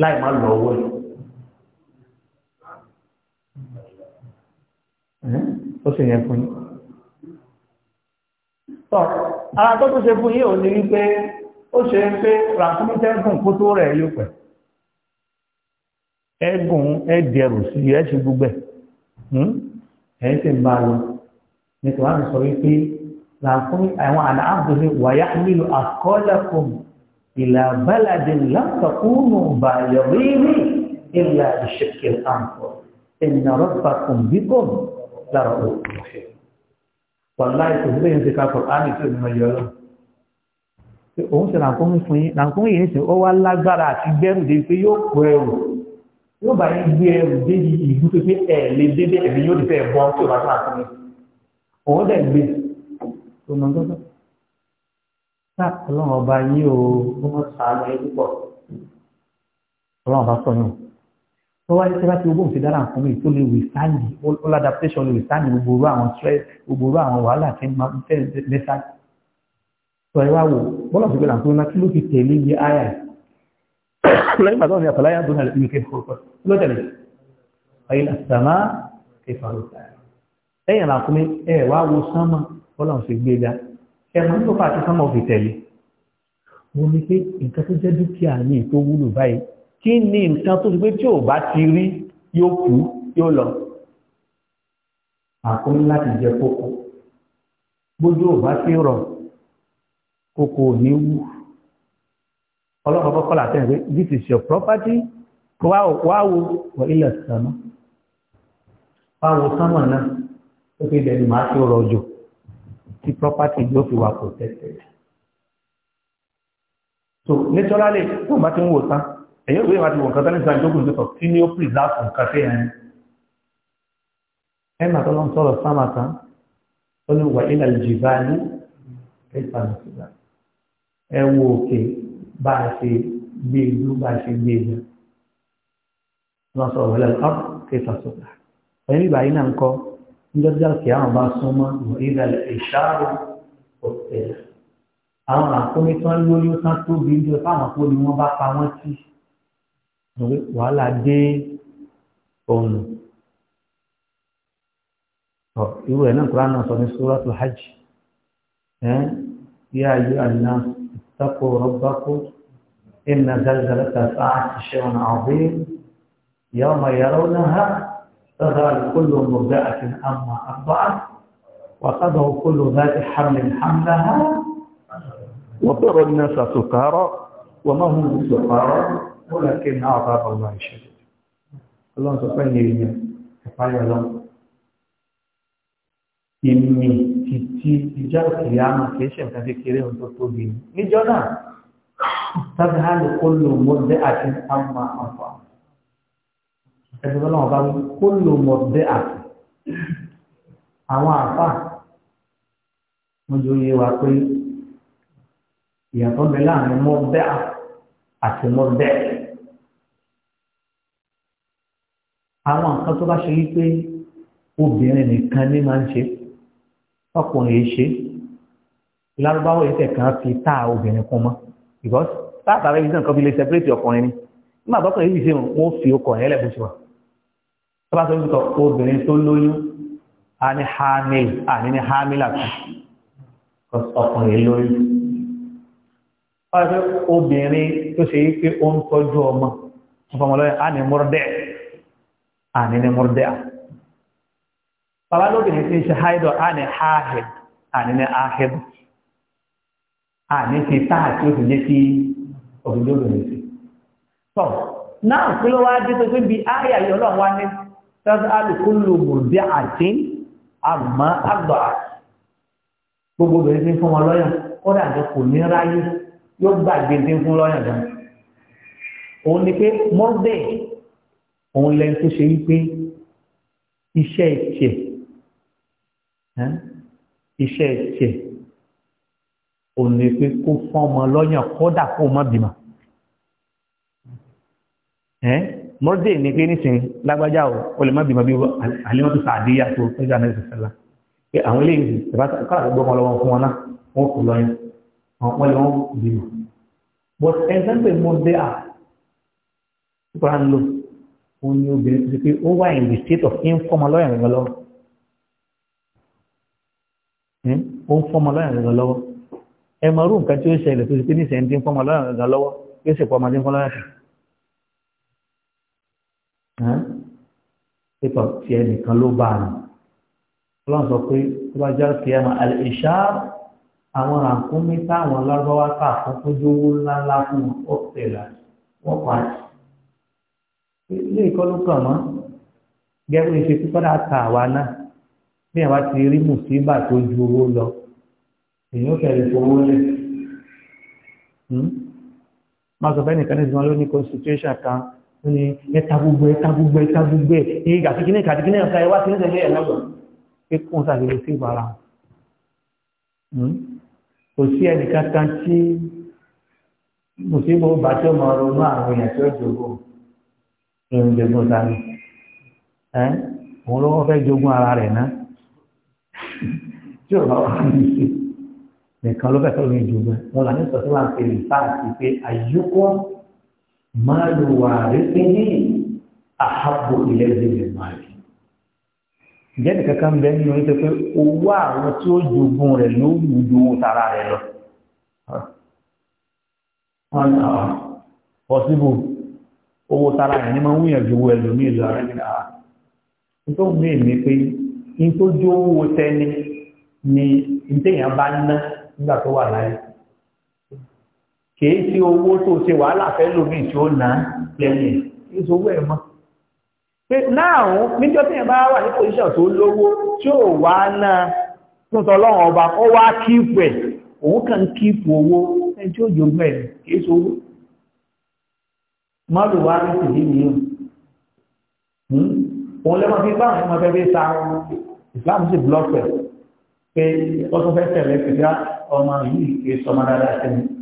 láì má lọ owó ẹ̀ ó sì yẹn fún yín tọ́ ara tó tó ṣe fún yín ò ní wípé ó ṣe ń pé ràkúnmí tẹ́gùn kó tó rẹ̀ yóò pẹ̀ ẹgùn ẹ̀dẹ̀rù sí ẹ̀ ṣe gbogbo ẹ̀ ẹ̀ ń sì ń lọ nítorí wọ́n sọ wípé làǹfààní àwọn àdáàbò ní wàyà nílò àkọọ́lẹ̀kùn ìlà bẹ́lẹ̀dì lọ́sọ̀kúnù bàyọ̀rírì ìlà ìṣèkè àǹfọ̀ ìnà rọ́pà kùnbíkùn lára òkú wàláì tó bí bẹ́yìn ti ka kọ̀ọ̀ánì tó nínú yọ lọ. òun ṣe làǹkóhùn fún yín làǹkóhùn yìí ṣe ó wá lágbára àti gbẹ́rù débi pé yóò kó ẹrù yóò bá yín gbé ẹrù débi ìlú pé ẹ̀ lè dédé ẹ̀mí yóò tó mọ tó tó ká ọlọ́run ọba yín o ó mọ sàánú ẹ púpọ̀ ọlọ́run ọba sọ yín o tó wáyé tí wọ́n ti gbóhùn sí dára nǹkan mi tó lè withstand all adaptation lè withstand gbogbo orú àwọn stress gbogbo orú àwọn wàhálà tí máa ń fẹ́ mẹ́ta tó ẹ wá wò bọ́lá ti gbé làǹkó iná kí ló fi tẹ̀lé yé ayà ẹ̀ pàtó ni àtàláyà dúnà ìrìnkè fòròkọ ló tẹ̀lé ayé làtàmá kẹfà ló tẹ̀lé lẹ́yìn làǹkó mi ẹ wá wo sánmà bọ́lọ́run ṣe gbé ga ẹ̀rọ tó fà ti sánmọ̀ fi tẹ̀lé mo ní pé nǹkan tó jẹ́ dúkìá ní tó wúlò báyìí kí ni nǹkan tó ti pé tí ò bá ti rí yóò kú yóò lọ àkóní láti jẹ kókó gbójú ò bá ti rọ kókó ò ní wú ọlọ́pàá bọ́ kọ́lá tẹ̀ pé this is your property wá wo wọ ilẹ̀ sàmọ́ wá wo sánmọ̀ náà ó fi dẹ̀ ní màá tó rọ jù tí property yóò fi wà protected. so naturally tó o bá ti ń wò tán ẹ̀yọ́ ìwé ìwádìí wọ̀n kan tán ní ìsàn ìjókòó ìjọsọ̀ tí ni ó preserve nǹkan fẹ́ yẹn. ẹ máa tọ́lọ́ ń sọ̀rọ̀ sáàmà tán ó ní wà ilà ìjìbá ní ẹ̀sán ìjìbá ẹ wo òkè bá a ṣe gbé ìlú bá a ṣe gbé ìlú wọ́n sọ̀rọ̀ wọlé ọ̀pọ̀ kẹta sọ̀tà ẹ̀yìn ìgbà yìí náà ń kọ́ lọ́jọ́ kí àwọn bá súnmọ́ ìgbà ìṣàrò ọ̀tẹ̀ àwọn àkómi tó ń lóyún tán tóbi ń jọ fáwọn kó ni wọ́n bá pa wọ́n tì wàhálà dé òun irú ẹ̀ claro, não, sọ ní do hajj E aí, está com o ele está أيها الناس اتقوا ربكم إن زلزلة e شيء maior não يرونها فذهب كل مرضعة أما أرضعت وقضوا كل ذات حمل حملها وطر الناس سكارى وما هم سكارى ولكن عذاب الله شديد الله سبحانه وتعالى الله ìmì títí ìjà òkèrè àmà kìí ṣe nǹkan kékeré ohun tó tóbi níjọ náà tàbí hálù kó lò àpá ẹgbẹ́ bọ́lá wọn bá wí kó lò mọ̀ bẹ́ àti àwọn àfà wọn jọ yé wa pé ìyàtọ̀ bẹ láàrin mọ̀ bẹ́ àti mọ̀ bẹ́ àwọn nǹkan tó bá ṣe yí pé obìnrin nìkan ní máa ń ṣe ọkùnrin yìí ṣe lárúbáwọ̀ yìí tẹ̀kan fi tá obìnrin kún mọ́ because táàtà rẹ̀ yìí sàn kan fi lè separate ọkùnrin ni nígbà tó kàn yìí ṣe wọn fi ọkọ̀ yẹn lẹ́bùn wa tọ́bá tó ń sọ obìnrin tó lóyún a ní hamil a ní ní hamil àti ọkùnrin lóyún ọ̀rẹ́ obìnrin tó ṣe yí pé ó ń tọ́jú ọmọ ọmọlọ́yìn a ní mọ́rọ́dẹ́ a ní ní mọ́rọ́dẹ́ à bàbá lóbìnrin tí ń ṣe haidọ̀ a ní ahid a ní ní ahid a ní ti táà tí ó fi jẹ́ sí ọ̀gbìn lóbìnrin sí. náà kí ló wá dé tó fi bí áyà yìí ọlọ́run wá ní tazal kullu murdi'atin amma arda'at gbogbo obìnrin ti ń fún wọn lọ́yàn ó dà jẹ́ kò ní ráyé yóò gbàgbé ti ń fún lọ́yàn gan òun ni pé mọ́dẹ̀ òun lẹ́nu tó ṣe wípé iṣẹ́ ìtìẹ̀ iṣẹ́ ìtìẹ̀ òun ni pé kó fún ọmọ lọ́yàn kódà kó má bímọ mọ́dé ní pé nísìn lágbájá o o lè má bímọ bí àlímọ́ tó sàdíyà tó pẹ́jọ́ àná ìṣẹ̀ṣẹ̀lá pé àwọn ilé ìlú ìbá káàkiri gbọ́mọ lọ́wọ́ fún wọn náà wọ́n kò lọ́yìn wọ́n lè wọ́n bímọ. but example mọ́dé à kúkúrá ń lò ó ní tó ti pé ó wà in the of informal lọ́yìn rẹ̀ lọ́wọ́ hmm? ó ń fọ́mọ lọ́yìn rẹ̀ lọ́wọ́ ẹ mọ̀ rú nǹkan tí ó ṣẹlẹ̀ tó ti pé nísìn pípọ̀ tí ẹnìkan ló bá a nù ọlọ́run sọ pé tó bá jẹ́ kí ẹ máa ìṣá àwọn àkúnmí táwọn lọ́gọ́wá kà fún kójú owó ńláńlá fún ọ̀pẹ̀lá wọ́n pa á ilé ìkọlù kàn mọ́ gẹ́gẹ́ bí ṣe pípọ́ dà ta àwa náà bí àwa ti rí mùsíbà tó ju owó lọ èyí ó fẹ́ẹ́ fowó lẹ̀ hmm? máa sọ fẹ́ nìkan ní ìsinmi lónìí constitution kan ní ẹta gbogbo ẹta gbogbo ẹta gbogbo ẹ̀ èyí àtikínẹ́ kàtikínẹ́ ọ̀sá ẹwà tí ń tẹ̀lé ẹ̀ lọ́dọ̀ pé kún sàgbélé sí ìbára hmm? kò sí ẹnìkan kan tí mùsùlùmí bá tó máa ronú àwọn èèyàn tí ó jòkó ìrìn jòkó sáré ẹ òun ló fẹ́ jogún ara rẹ̀ náà tí ò bá wà ní ìṣe nìkan ló fẹ́ fẹ́ lóyún jogún wọn là ní sọ مال وارثه أحب إليه من ماله jẹ́ni kankan bẹ nínú yín tó pé owó àwọn tí ó jogún rẹ̀ ló wù ju owó tara rẹ̀ lọ. wọ́n ní ah, pọ̀sibú owó tara rẹ̀ ní máa ń wúyàn ju owó ẹlòmíì lọ rẹ̀ nígbà wa. Ah, nítorí mi ní pé ní tó jó owó tẹ́ni ni ní téèyàn bá ń ná nígbà tó wà láyé kìí sí owó tó ṣe wàhálà fẹ́ lómi tí ó nà lẹ́yìn ìṣòwò ẹ̀ mọ́ pé náà níjọ́ tí ẹ̀ bá wà ní pòṣíṣàn tó lówó tí ò wá ná tún tọ́lọ́run ọba ó wá kíìpù ẹ̀ òun kàn kíìpù owó ẹni tí ó jogún ẹ̀ kìí ṣòwò mọ́lù wá ní tìdí nìyẹn hmm? òun lẹ́mọ̀ fi báwọn ẹ̀mọ́ fẹ́ fi sa ìsìláàmù sí blọ́ọ̀fẹ̀ pé ó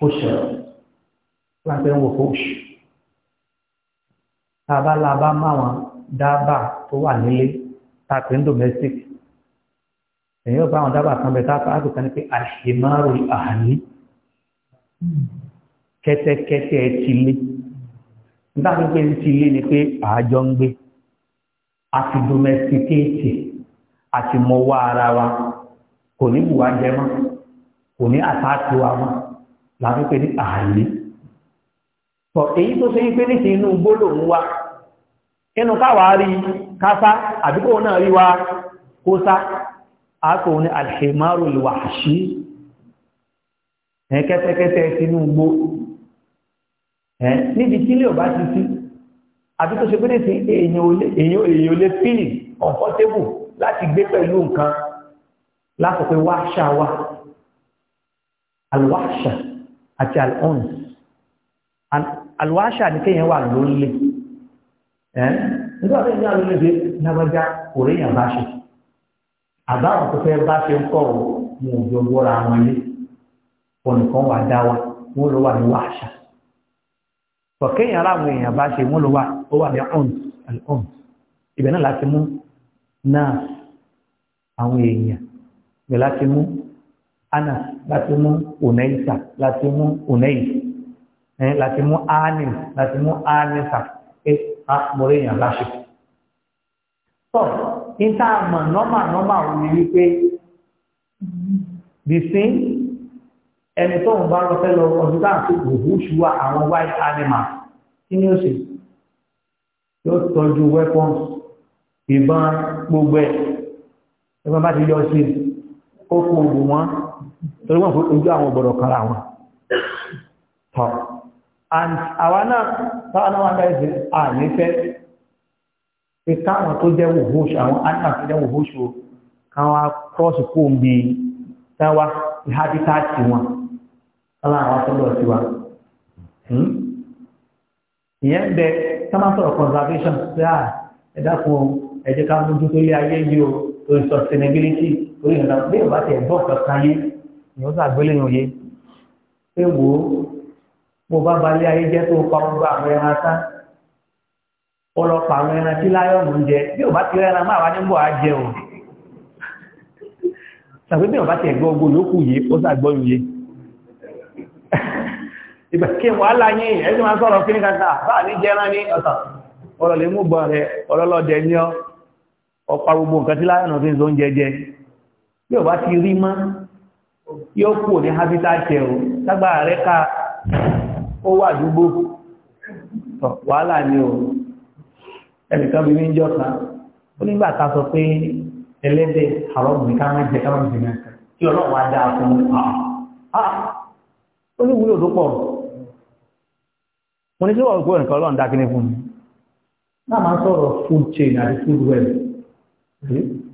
fóṣà láti wò fóṣù tábàlábà máwọn dábà tó wà nílé tàbí ń domestic èyí ò bá àwọn dábà kan bẹ tábà á kàn ní pé àṣemárò àhàní kẹ́tẹ́kẹ́tẹ́ ti lé nígbà tó pé ti lé ni pé àjọ ń gbé àti domesticate àti mọwọ́ ara wa kò ní bùwá jẹ mọ́ kò ní àtàkì wa mọ́ láti pé ní ààyè tọ̀ èyí tó ṣe ń pé nísìn inú gbólóhùn wa inú káwàá rí kásá àbíkò náà rí wa kó sá àkò ní alhimaru alwahshi kẹ́tẹ́kẹ́tẹ́ sínú gbó níbi tí ilé ọba ti sí àbí tó ṣe pé nísìn èèyàn olè fílì ọ̀fọ́tébù láti gbé pẹ̀lú nǹkan lásọ̀pẹ́ wáṣà wa alwáṣà àti al-ons alwáṣà ní kéèyàn wà lórílé ẹ́ nígbà tó ní àwọn olóògbé lágbájá kò réyàn bá ṣe àbáwọn tó fẹ́ bá ṣe ń kọ̀ ọ́ wọn ò jọ wọ́ra wọn lé ọ̀nìkan wà dá wa wọn ló wà ní wáṣà kọ̀kéèyàn aláwọ̀ èèyàn bá ṣe wọn ló wà ó wà ní ons al ibẹ̀ náà láti mú náà àwọn èèyàn ibẹ̀ láti mú anas láti mú unaisa láti mú unais láti mú anis láti mú anisa pé a mọ̀rẹ́ èèyàn láṣẹ. tọ́ níta àmọ̀ nọ́mà nọ́mà ò ní wípé bìsín ẹni tó ń bá lọ fẹ́ lọ ọdún táàkì òhúṣù wa àwọn white animal kí ni ó ṣe yóò tọ́jú weapons ìbọn gbogbo ẹ̀ ẹgbẹ́ bá ti yọ sí i ó kó oògùn wọn torí wọ́n fún ojú àwọn gbọ́dọ̀ kan àwọn tọ́ and àwa náà táwọn náà wà bẹ́ẹ̀ sí àmì fẹ́ pé káwọn tó jẹ́ wòhóṣù àwọn animal tó jẹ́ wòhóṣù káwọn kọ́ọ̀sì kó ń bi táwa ìhábítàtì wọn aláwọn si sí wa hmm? ìyẹn bẹ sọ̀rọ̀ conservation sí à ah, ẹ̀dá fún ẹ̀jẹ̀ ká mójútó ilé ayé yìí o sustainability torí ìrìnà bí ìbá tẹ̀ bọ́ kankan yé ni ó sàgbélé yàn yé pé wò ó bó bá balẹ̀ ayé jẹ́ tó pa gbogbo àwọn ẹran sá ọlọ́pàá àwọn ẹran tí láyọ̀mù ń jẹ bí ìbá ti rẹ́ran máa wá ní bọ̀ á jẹ o tàbí bí ìbá tẹ̀ gbọ́ gbogbo yòókù yé ó sàgbọ́ yòóyé ìgbà kí wàhálà yín ẹ̀sìn bí ọba ti rí mọ́ yóò kú ní habitat ẹ̀ o lágbára rẹ̀ ká ó wà dúgbò wàhálà ni o ẹnìkan bí ní jọ kan ó nígbà ká sọ pé ẹlẹ́dẹ̀ àrọ́gbìn káwọn jẹ káwọn jẹ náà kí ọlọ́run á dáa fún ah, ah. ó ní wúlò tó pọ̀ mo ní sí wọ́n gbọ́ nǹkan ọlọ́run dákínní fún mi náà máa ń sọ̀rọ̀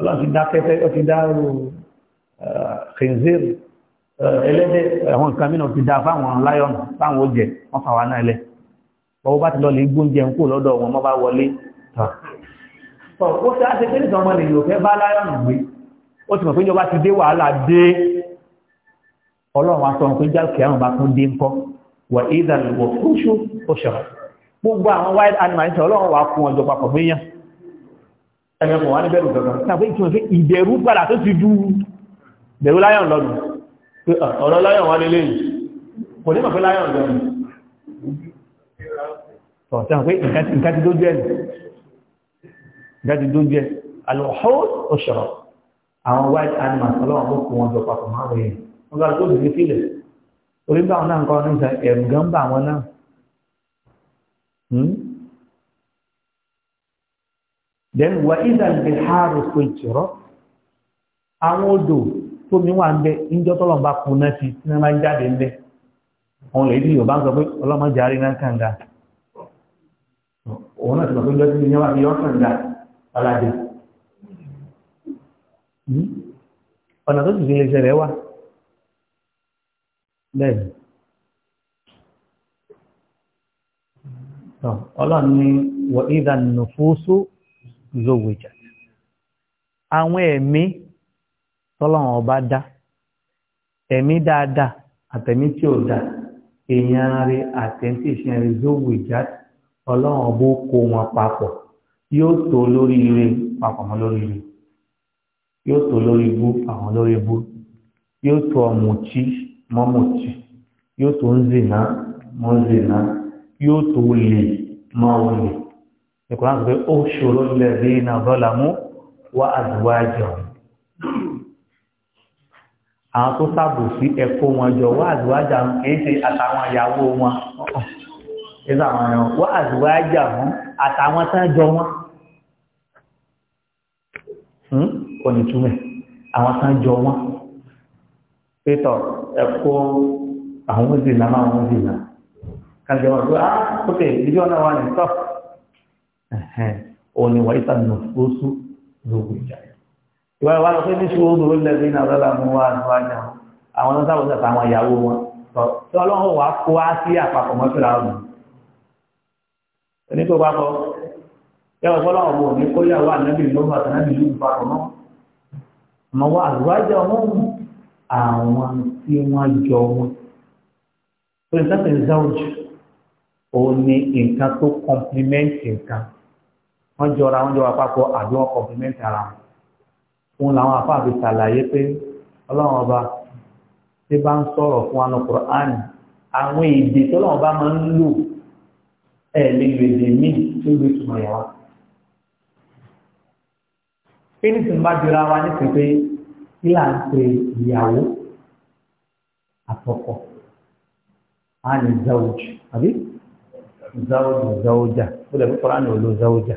Allah ti dá kẹ́kẹ́ ó ti dá kìnzír ẹlẹ́dẹ̀ àwọn nǹkan mìíràn ti dá fáwọn láyọ̀nù fáwọn oúnjẹ wọn fà wá náà lẹ ọwọ́ bá ti lọ lè gbóúnjẹ ń kó lọ́dọ̀ wọn mọ́ bá wọlé tán ó ti á ṣe kí nìkan ọmọ nìyí òfẹ́ bá láyọ̀nù mọ̀ pé ìjọba ti dé wàhálà dé ọlọ́run aṣọ òun pé àwọn bá tún dé ń kọ́ wà ìdàlùwọ̀ fúnṣù ó ṣọ̀rọ̀ gbogbo àwọn wild animals ọlọ́run wà fún ọjọ́ papọ̀ gbéyàn ẹ̀mẹ̀kùn wá ní bẹ̀rù kankan náà pé ìtumọ̀ pé ìbẹ̀rù padà tó ti dú bẹ̀rù láyọ̀n lọ́nu pé ah, ọ̀rọ̀ láyọ̀n wá lélẹ̀ yìí kò ní mọ̀ pé láyọ̀n lọ́nu ọ̀tẹ́ pé nǹkan ti dójú ẹ̀ nǹkan ti dójú ẹ̀ alùhọ́ òṣọ̀rọ̀ àwọn white animals ọlọ́wọ́n mú kó wọn jọ papọ̀ máa wẹ̀ yẹn wọ́n gbà tó bìí sílẹ̀ orí bá wọn náà ń kọ́ ní ẹ̀rù gan bá wọn náà hmm? then wà ìdàlùbí haaru sọ̀tìrọ̀ àwọn odò tómi wà ń bẹ níjọ́ tọ́lọ̀ bá kun náà sí tí wọ́n máa ń jáde ń bẹ àwọn lèyí tí yorùbá ń sọ pé ọlọ́mọdé àárín náà kànga òun náà ti sọ pé lọ́sí ní wà ní hmm? ọ̀nà tó sì fi lè ṣẹlẹ̀ wá bẹ́ẹ̀ ọlọ́run ni wà ìdàlùfóso zowija àwọn ẹ̀mí tọ́lọ́wọ́n ọba dá ẹ̀mí dáadáa àtẹ̀mí tí ò dá èèyàn rí àtẹ̀ntì ìṣẹ́ rí zowija ọlọ́wọ́n ọba kó wọn papọ̀ yóò tó lórí ire papọ̀ mọ́ lórí ire yóò tó lórí ibú àwọn lórí ibú yóò tó ọ̀mùtí mọ́ yóò tó ń zìnà mọ́ zìnà yóò tó lè mọ́ lè ìkùnrin àti pé ó ṣòro lẹ́bí iná bọ́là mú wá àdúwájọ àwọn tó sábò sí ẹ̀kọ́ wọn jọ wá àdúwájà kìí ṣe àtàwọn ìyàwó wọn ẹ̀sà àwọn ẹ̀rọ wá àdúwájà wọn àtàwọn tán jọ wọn onítúmẹ̀ hmm? àwọn tán jọ wọn pétọ̀ ẹ̀kọ́ àwọn òsì náà máa wọn òsì náà kájọ wọn pé ah ok ìdí ọ̀nà wa nìkan òní wà ìta nùfúsù lóògùn ìjà ìwà ìwà lọ́pẹ́ ní ṣòro ló lẹ́sẹ̀ iná lọ́la mú wá níwájú àwọn ọ̀nà sábà sàtà àwọn ìyàwó wọn tí ọlọ́run wà kó wá sí àpapọ̀ mọ́tòlá ọ̀nà oníkó bá kọ́ yẹ́wọ̀ fọ́lọ́run wò ní kóyàwó ànábì lọ́wọ́ àtànábì lóògùn papọ̀ mọ́ ọmọ wa àlùwájọ ọmọ àwọn tí wọ́n jọ wọn pé nǹkan tẹ̀ ń záwùjù òun ni nǹkan tó kọ́ńplimẹ́ǹtì nǹkan wọ́n jọra wọ́n jọra papọ̀ àbí wọ́n kọ̀mplimẹ́ntì ara wọn òun làwọn afáàfi ṣàlàyé pé ọlọ́run ọba tí bá ń sọ̀rọ̀ fún wa ní Kùránì àwọn èdè tí ọlọ́run ọba máa ń lò ẹ̀ lè lò èdè míì tí ó lè túmọ̀ yà wá. fínísì ń bá jọra wa nítorí pé kí là ń pe ìyàwó àtọkọ á ní zawuj àbí zawuj zawuja ó lè fi Kùránì ò lo zawuja.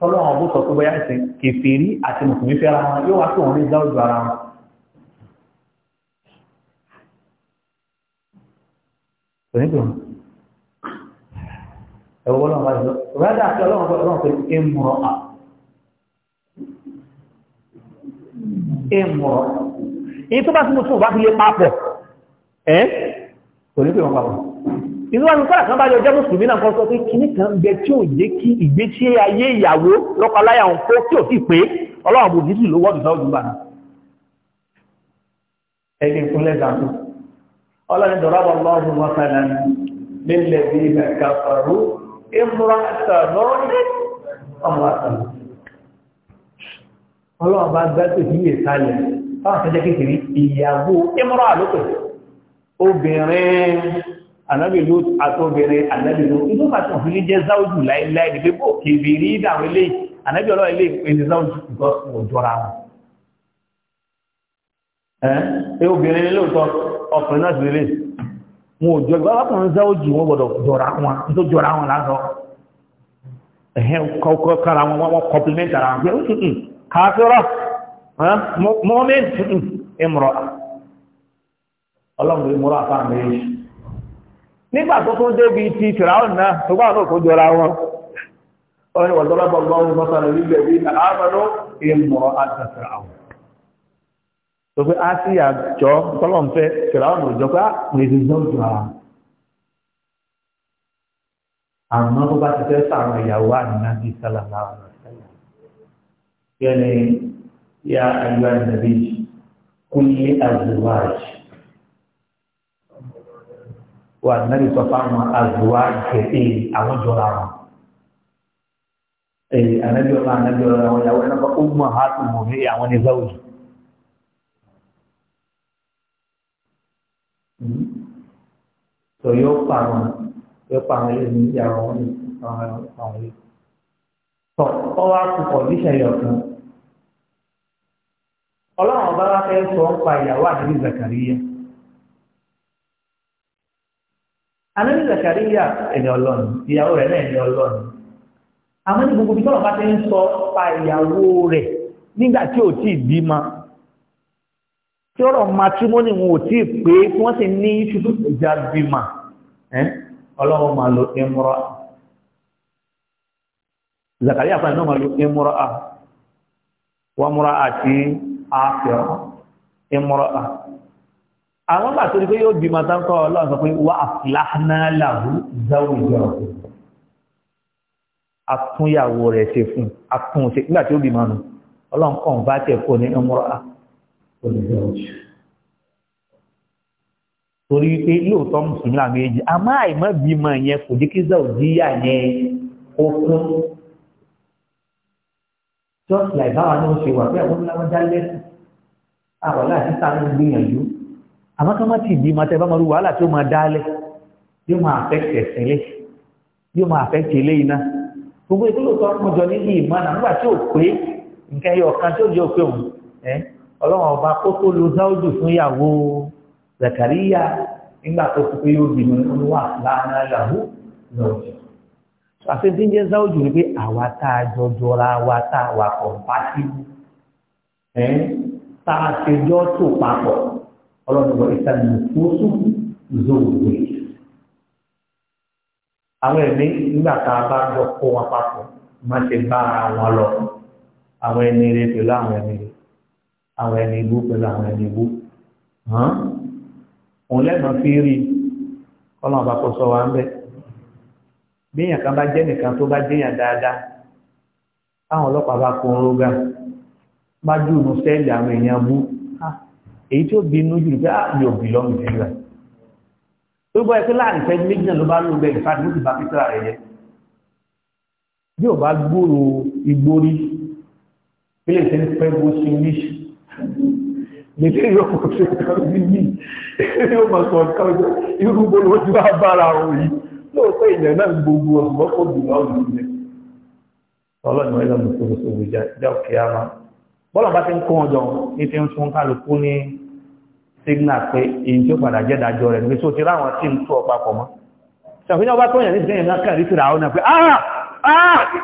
tọ́lọ́wọ́n bó sọ pé bóyá ẹ̀sìn kèfèrí àti mùsùlùmí fẹ́ra wọn yóò wá sí òun ní záwùjọ ara wọn onígbòmù ẹ̀wọ́ ọlọ́run bá jọ rádà àti ọlọ́run bá ọlọ́run pé é mọ̀ á é mọ̀ èyí tó bá tún mú bá fi lé papọ̀ ẹ́ onígbòmù papọ̀ inú wa ní kọ́lá kan bá yọ jẹ́ mùsùlùmí náà kọ́ sọ pé kíní kan bẹ tí ò jẹ́ kí ìgbésí ayé ìyàwó lọ́kọláya ń kó tí ò sì pé ọlọ́run bò jésù ló wọ́dù sáwọ́dù gbà náà. ẹni fún lẹ́sàmù ọlọ́run dọ̀rọ̀ bọ̀ lọ́rùn wọn fẹ́lẹ̀ nílẹ̀ bí ilẹ̀ kàfàrú ìmúra àtàlọ́rẹ́ ọmọ ànábì ló àtọ́bẹ̀rẹ̀ ànábì ló inú pàtàkì òfin ní jẹ́ záójù láìláì ní pépò kèbè rí ìdàwọn ilé ànábì ọlọ́rọ̀ ilé ìpele záójù ìgbọ́ òjọra wọn. ẹ obìnrin ni lóòótọ́ ọkùnrin náà sì lè wọn ò jọ ìgbà wákùnrin záójù wọn gbọdọ̀ jọra wọn tó jọra wọn lásọ ẹ̀hẹ́n kọ́kọ́ kára wọn wọ́n kọ́pìlẹ́ntì ara wọn pé ó tuntun káfíọ́rọ̀ mọ́mẹ́ntì tuntun ẹ̀mọ̀rọ̀ ọlọ́run ló mọ́ra fáwọn méjì nígbà tó tún débi ti fìràún náà tó gbà náà tó jọra wọn ọ̀rẹ́ wọ̀lọ́lọ́bọ̀ lọ́wọ́ mọ́sánà nílẹ̀ bí àárọ̀ ìmọ̀ràn àtàfìràún tó pé á sí àjọ tọ́lọ̀mfẹ́ fìràún òjò pé á pè é lọ́jọ́ ara àmọ́ tó bá ti fẹ́ sàrùn ìyàwó àníná bíi sálàlá ọ̀rọ̀ sẹ́yà wà nàbí sọ fáwọn àzùwà kẹfẹ àwọn jọra wọn ee anabi ọlọ anabi ọlọ àwọn ìyàwó ẹnabà ọmọ ha tó mọ ní àwọn ní zawji tó yóò pa àwọn yóò pa àwọn ilé ní ìyàwó wọn ní àwọn ilé tọ ọwọ akókò bíṣẹ yọkan Ọlọ́run ọba wa fẹẹ sọ ń pa ìyàwó àdébí Zakariya. Ànábì Zakariya ẹni ọlọ́run ìyàwó rẹ̀ náà ẹni ọlọ́run àmọ́ ní gbogbo ìtọ́nà bá ti ń sọ pa ìyàwó rẹ̀ nígbà tí ò tí ì bímọ tí ọ̀rọ̀ matrimony wọn ò tí ì pé tí wọ́n sì ní ṣubú ìjà bímọ ọlọ́run máa lo ẹmúrọ́ Zakariya fún ẹ̀nà máa lo ẹmúrọ́ wọ́n múra àti àfẹ́ ẹmúrọ́ àwọn gbà tó ní pé yóò bí ma tán kọ́ ọlọ́run sọ pé wà àfìláhánáláhù záwùjọ àtúnyàwó rẹ̀ ṣe fún àtúnṣe nígbà tí ó bí ma nù ọlọ́run kàn bá tẹ̀ kó ní ọmọrọ́ olùdíọ̀jù torí wípé lóòótọ́ mùsùlùmí làwọn èjì àmọ́ àìmọ́ bí ma yẹn kò jẹ́ záwùjíyà yẹn ó kún just like báwa náà ṣe wà pé àwọn ọmọláwájá lẹ́sìn àwọn aláàtí sáà ń gbìyànjú amaka ká má ti bí ma tẹ́ bá máa rú wàhálà tí ó máa dálẹ̀ yóò máa affect ẹ̀sìn yóò máa affect ilé iná gbogbo ètò ọmọjọ níbi ìmọ̀nà nígbà tí ò pé nǹkan ẹyọ kan tí ó jẹ́ òpin òun ẹ ọlọ́run ọba kó tó lo záódù fún ìyàwó Zakariya nígbà tó ti pé yóò a jọ jọra wa tá a wà ọlọ́run wọ ìsàlẹ̀ fóṣù zòwòwé. àwọn ẹ̀mí nígbà tá a bá jọ kó wọn papọ̀ má ṣe bá ara wọn lọ àwọn ẹni rẹ pẹ̀lú àwọn ẹni rẹ àwọn ẹni ibú pẹ̀lú àwọn ẹni ibú. òun lẹ́nu fi rí ọlọ́run bá kó sọ wa ń bẹ́ bí èèyàn kan bá jẹ́ nìkan tó bá jẹ́yàn dáadáa táwọn ọlọ́pàá bá kó ń rógà má jù nù sẹ́ẹ̀lì àwọn èèyàn bú èyí tí ó bí inú jù pé àmì òbí lọ́mù sí rẹ̀ tó gbọ́ ẹ̀kọ́ láàrin fẹ́ méjì náà ló bá lóun bẹ́ẹ̀ ìfàdí ó sì bá pítà rẹ̀ yẹ bí ò bá gbòòrò igbórí bí lè ṣe ń fẹ́ bó ṣe ní gbèsè yóò kò ṣe kan sí mí yóò máa sọ ọ̀ká ọjọ́ irú gbogbo bọ́lọ̀ bá ti ń kó wọn jọ ní ti ń fún kálukú ní sígínà pé èyí tí ó padà jẹ́ dájọ́ rẹ̀ níbi tó ti ráwọn tí ń tú ọ papọ̀ mọ́ ṣàfihàn ọba tó yàn ní ìdíyàn náà kàrí síra àwọn pé ah ah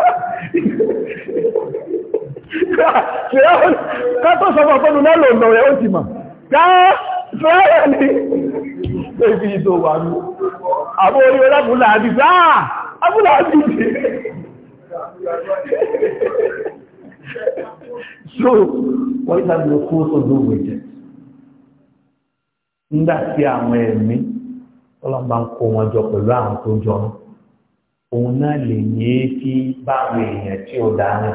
ká tó sọ fún ọgbọ́nù náà lòun lọ́rẹ̀ ó ti mọ̀ ká sọ́rọ̀ ní ibi ìdò wà ní àbó orí so wọ́n yíta ló kó sọ́dọ̀ wẹ̀jẹ̀ nígbà tí àwọn ẹ̀mí ọlọ́mọba ń kó wọn jọ pẹ̀lú àwọn tó jọ wọn òun náà lè yé kí báwọn èèyàn na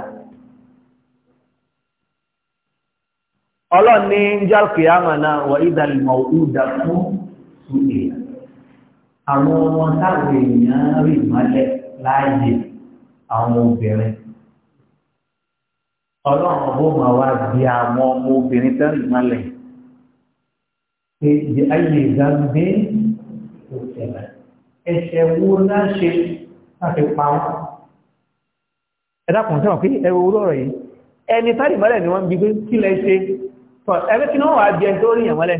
ò ọlọ́run ọ̀bọ máa wá di àwọn ọmọ obìnrin tán ìmọ̀lẹ̀ ṣe di ayé ìdágbé òṣèlè ẹ̀ṣẹ̀ wo náà ṣe láti pa wọn. ẹ dákun sẹ́wọ̀n pé ẹ wo olóòrọ̀ yìí ẹni tán ìmọ̀lẹ̀ ni wọ́n ń bi pé kí lẹ ṣe ẹbí tí wọ́n wà á di ẹni tó rí yàn mọ́lẹ̀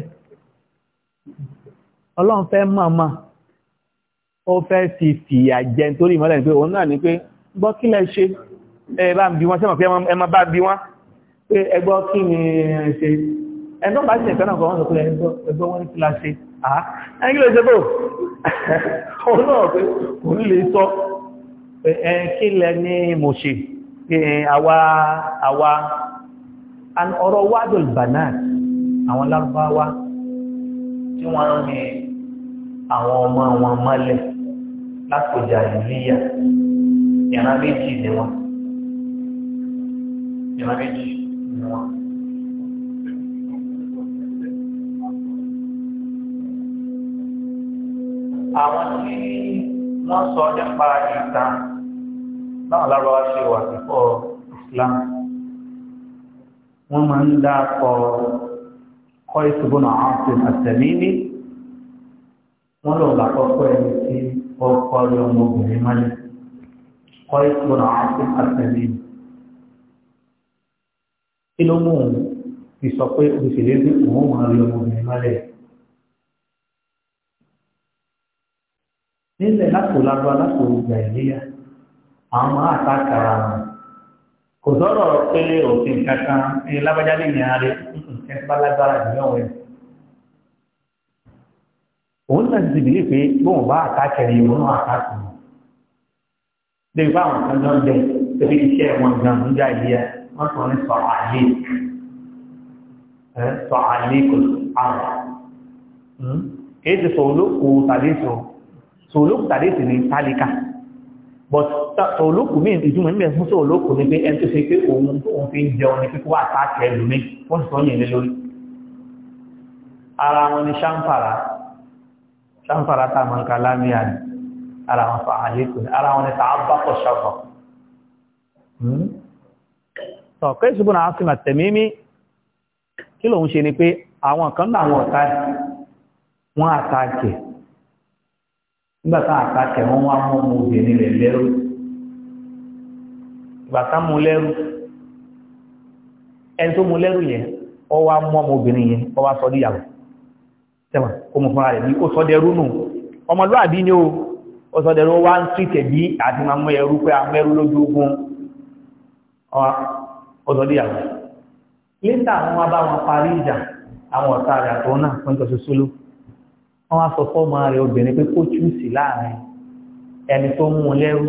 ọlọ́run fẹ́ mọ̀ọ́mọ́ ó fẹ́ fi fìyà jẹ nítorí ìmọ̀lẹ̀ ni pé òun náà ni pé gbọ́ kí lẹ ṣe ẹ̀bá bí wọ́n sẹ́mọ̀ pé ẹmọ bá bí wọ́n pé ẹgbọ́ kí ni ṣe ẹgbọ́ bá ṣe ìkẹ́nà kan sọ pé ẹgbọ́ wọ́n ní kí la ṣe àá ẹgbẹ́ lè ṣe bò òun náà pé òun lè sọ kí lẹ ní mo ṣe àwa àwa ọ̀rọ̀ wádùn banat àwọn lárúbáwá tí wọ́n ń rin àwọn ọmọ wọn mọ́lẹ̀ lápòjà ìlíyà ìran méjì ni wọn e ah, magari no. àwọn tí wọ́n sọ nípa ìtàn náà lárọ́wá ṣe wà nípọ̀ Islam wọ́n máa ń dákọ̀ kọ́ ìṣubúnà àti àtẹ̀lẹ́lẹ́ wọ́n lọ làkọ́kọ́ ẹni tí ọkọ̀ ọmọbìnrin mọ́lẹ̀ kọ́ ìṣubúnà àti àtẹ̀lẹ́lẹ́ kí ló mú òun ti sọ pé òṣèlú pé òun máa rí ọmọbìnrin mọ́lẹ̀. nílẹ̀ látò lágbá látò ìgbà ìléyà àwọn máa àtàkà kò sọ̀rọ̀ pé òfin kankan ní lábájá lè yàn án rí ẹ̀ bá lágbára ìyàwó ẹ̀ òun náà ti bìlí pé bóun bá àtàkẹ́rì òun náà àtàkùn lè bá àwọn kan náà bẹ̀ torí iṣẹ́ wọn gan-an ń já wọ́n sọ ní sọ̀rọ̀ àlè sọ̀rọ̀ àlè kò àrùn hmm? kìí ti sọ olóko tàbí sọ sọ olóko tàbí sì ní tálíkà but sọ olóko mi ìdúmọ̀ nígbà fún sọ olóko ni pé ẹni tó ṣe pé òun tó òun fi jẹun ni pé kó wà sáàkì ẹlòmí wọ́n sì sọ yẹn lórí ara wọn ni ṣáǹfàrà ṣáǹfàrà tá a máa ń ka lámìá ni ara wọn fa àlékún ara wọn ni tàà bá kọ̀ ṣàfà hmm? tọ̀kẹ́ ìṣubú náà sí màtẹ̀mímí kí lòun ṣe ni pé àwọn kan náà àwọn ọ̀tá wọn àtàkẹ̀ nígbàtá àtàkẹ̀ wọn wá mú obìnrin rẹ̀ lẹ́rú ìgbàtá mú lẹ́rú ẹni tó mú lẹ́rú yẹn ọ wá mú obìnrin yẹn ọ wá sọ díyàwó tẹ́wọ̀n kó mú fúnra rẹ̀ ní sọ dẹrú nù ọmọlúwàbí ni ó ó sọ dẹrú ó wá ń tìtẹ̀ bí àti ọ̀dọ̀díyàwó lẹ́tà àwọn abá wọn parí ìjà àwọn ọ̀tá rẹ̀ àtọ́ náà fún ìjọ ṣoṣo ló wọ́n wá sọ fọ́ọ̀mù rẹ̀ obìnrin pé kó chúùsì láàrin ẹni tó mú un lẹ́rú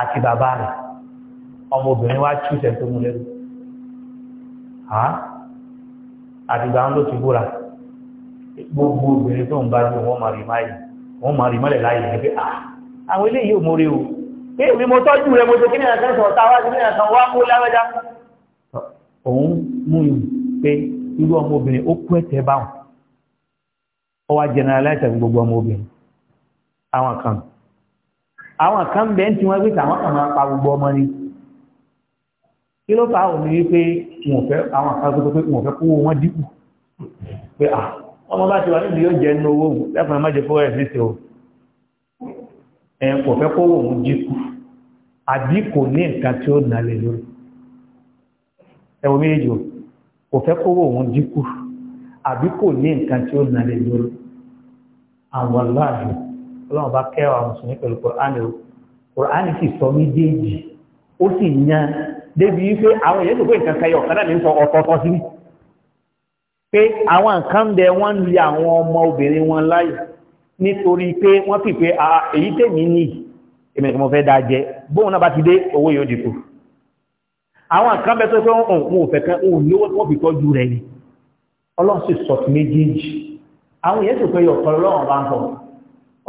àti bàbá rẹ̀ ọmọbìnrin wá chúùsì ẹni tó mú un lẹ́rú àtìgbà ń ló ti búra gbogbo obìnrin tó ń bá ní wọ́n máa rí mọ́lẹ̀ láyé ní pé àwọn ilé ò mórí o pé èmi mo rẹ̀ mo tó kí òun mú un pé irú ọmọbìnrin ó kú ẹ̀tẹ̀ báwọn ó wá generalize gbogbo ọmọbìnrin àwọn kan àwọn kan bẹ́ẹ̀ tí wọ́n gbé tàwọn kan máa pa gbogbo ọmọ ni kí ló fà òun ní pé wọn fẹ́ àwọn kan tó pé wọn fẹ́ kówó wọn dínkù pé à ọmọ bá ti wà níbi yóò jẹ nínú owó lẹ́kùnrin má jẹ fọ́ ẹ̀ níṣẹ́ o ẹ̀ kò fẹ́ kówó òun dínkù àbí ní nǹkan tí ó nà lè lórí ẹ̀wọ̀n méjì o kò fẹ́ kówó òun dínkù àbí kò ní nǹkan tí ó nà lè lórí àwọn aláàbò ọlọ́run bá kẹ́wàá mùsùlùmí pẹ̀lú kòránì o kòránì sì sọ méjèèjì ó sì yan débi wípé àwọn èèyàn tó pé nǹkan kan yọ ọ̀kan náà ní sọ ọ̀tọ̀ọ̀tọ̀ sí ni pé àwọn nǹkan ń bẹ wọ́n ń lé àwọn ọmọ obìnrin wọn láyè nítorí pé wọ́n fi pé ah, èyí tèmi ní èmi ni mo fẹ́ dáa jẹ bóun náà bá ti dé owó yóò dínkù àwọn kan bẹ tó fẹ́ òun òfẹ́ kan òun lówó wọ́n fi tọ́jú rẹ̀ ni ọlọ́run sì sọ sí méjèèjì àwọn èèyàn sì pé yọ ọ̀kan ọlọ́run bá ń sọ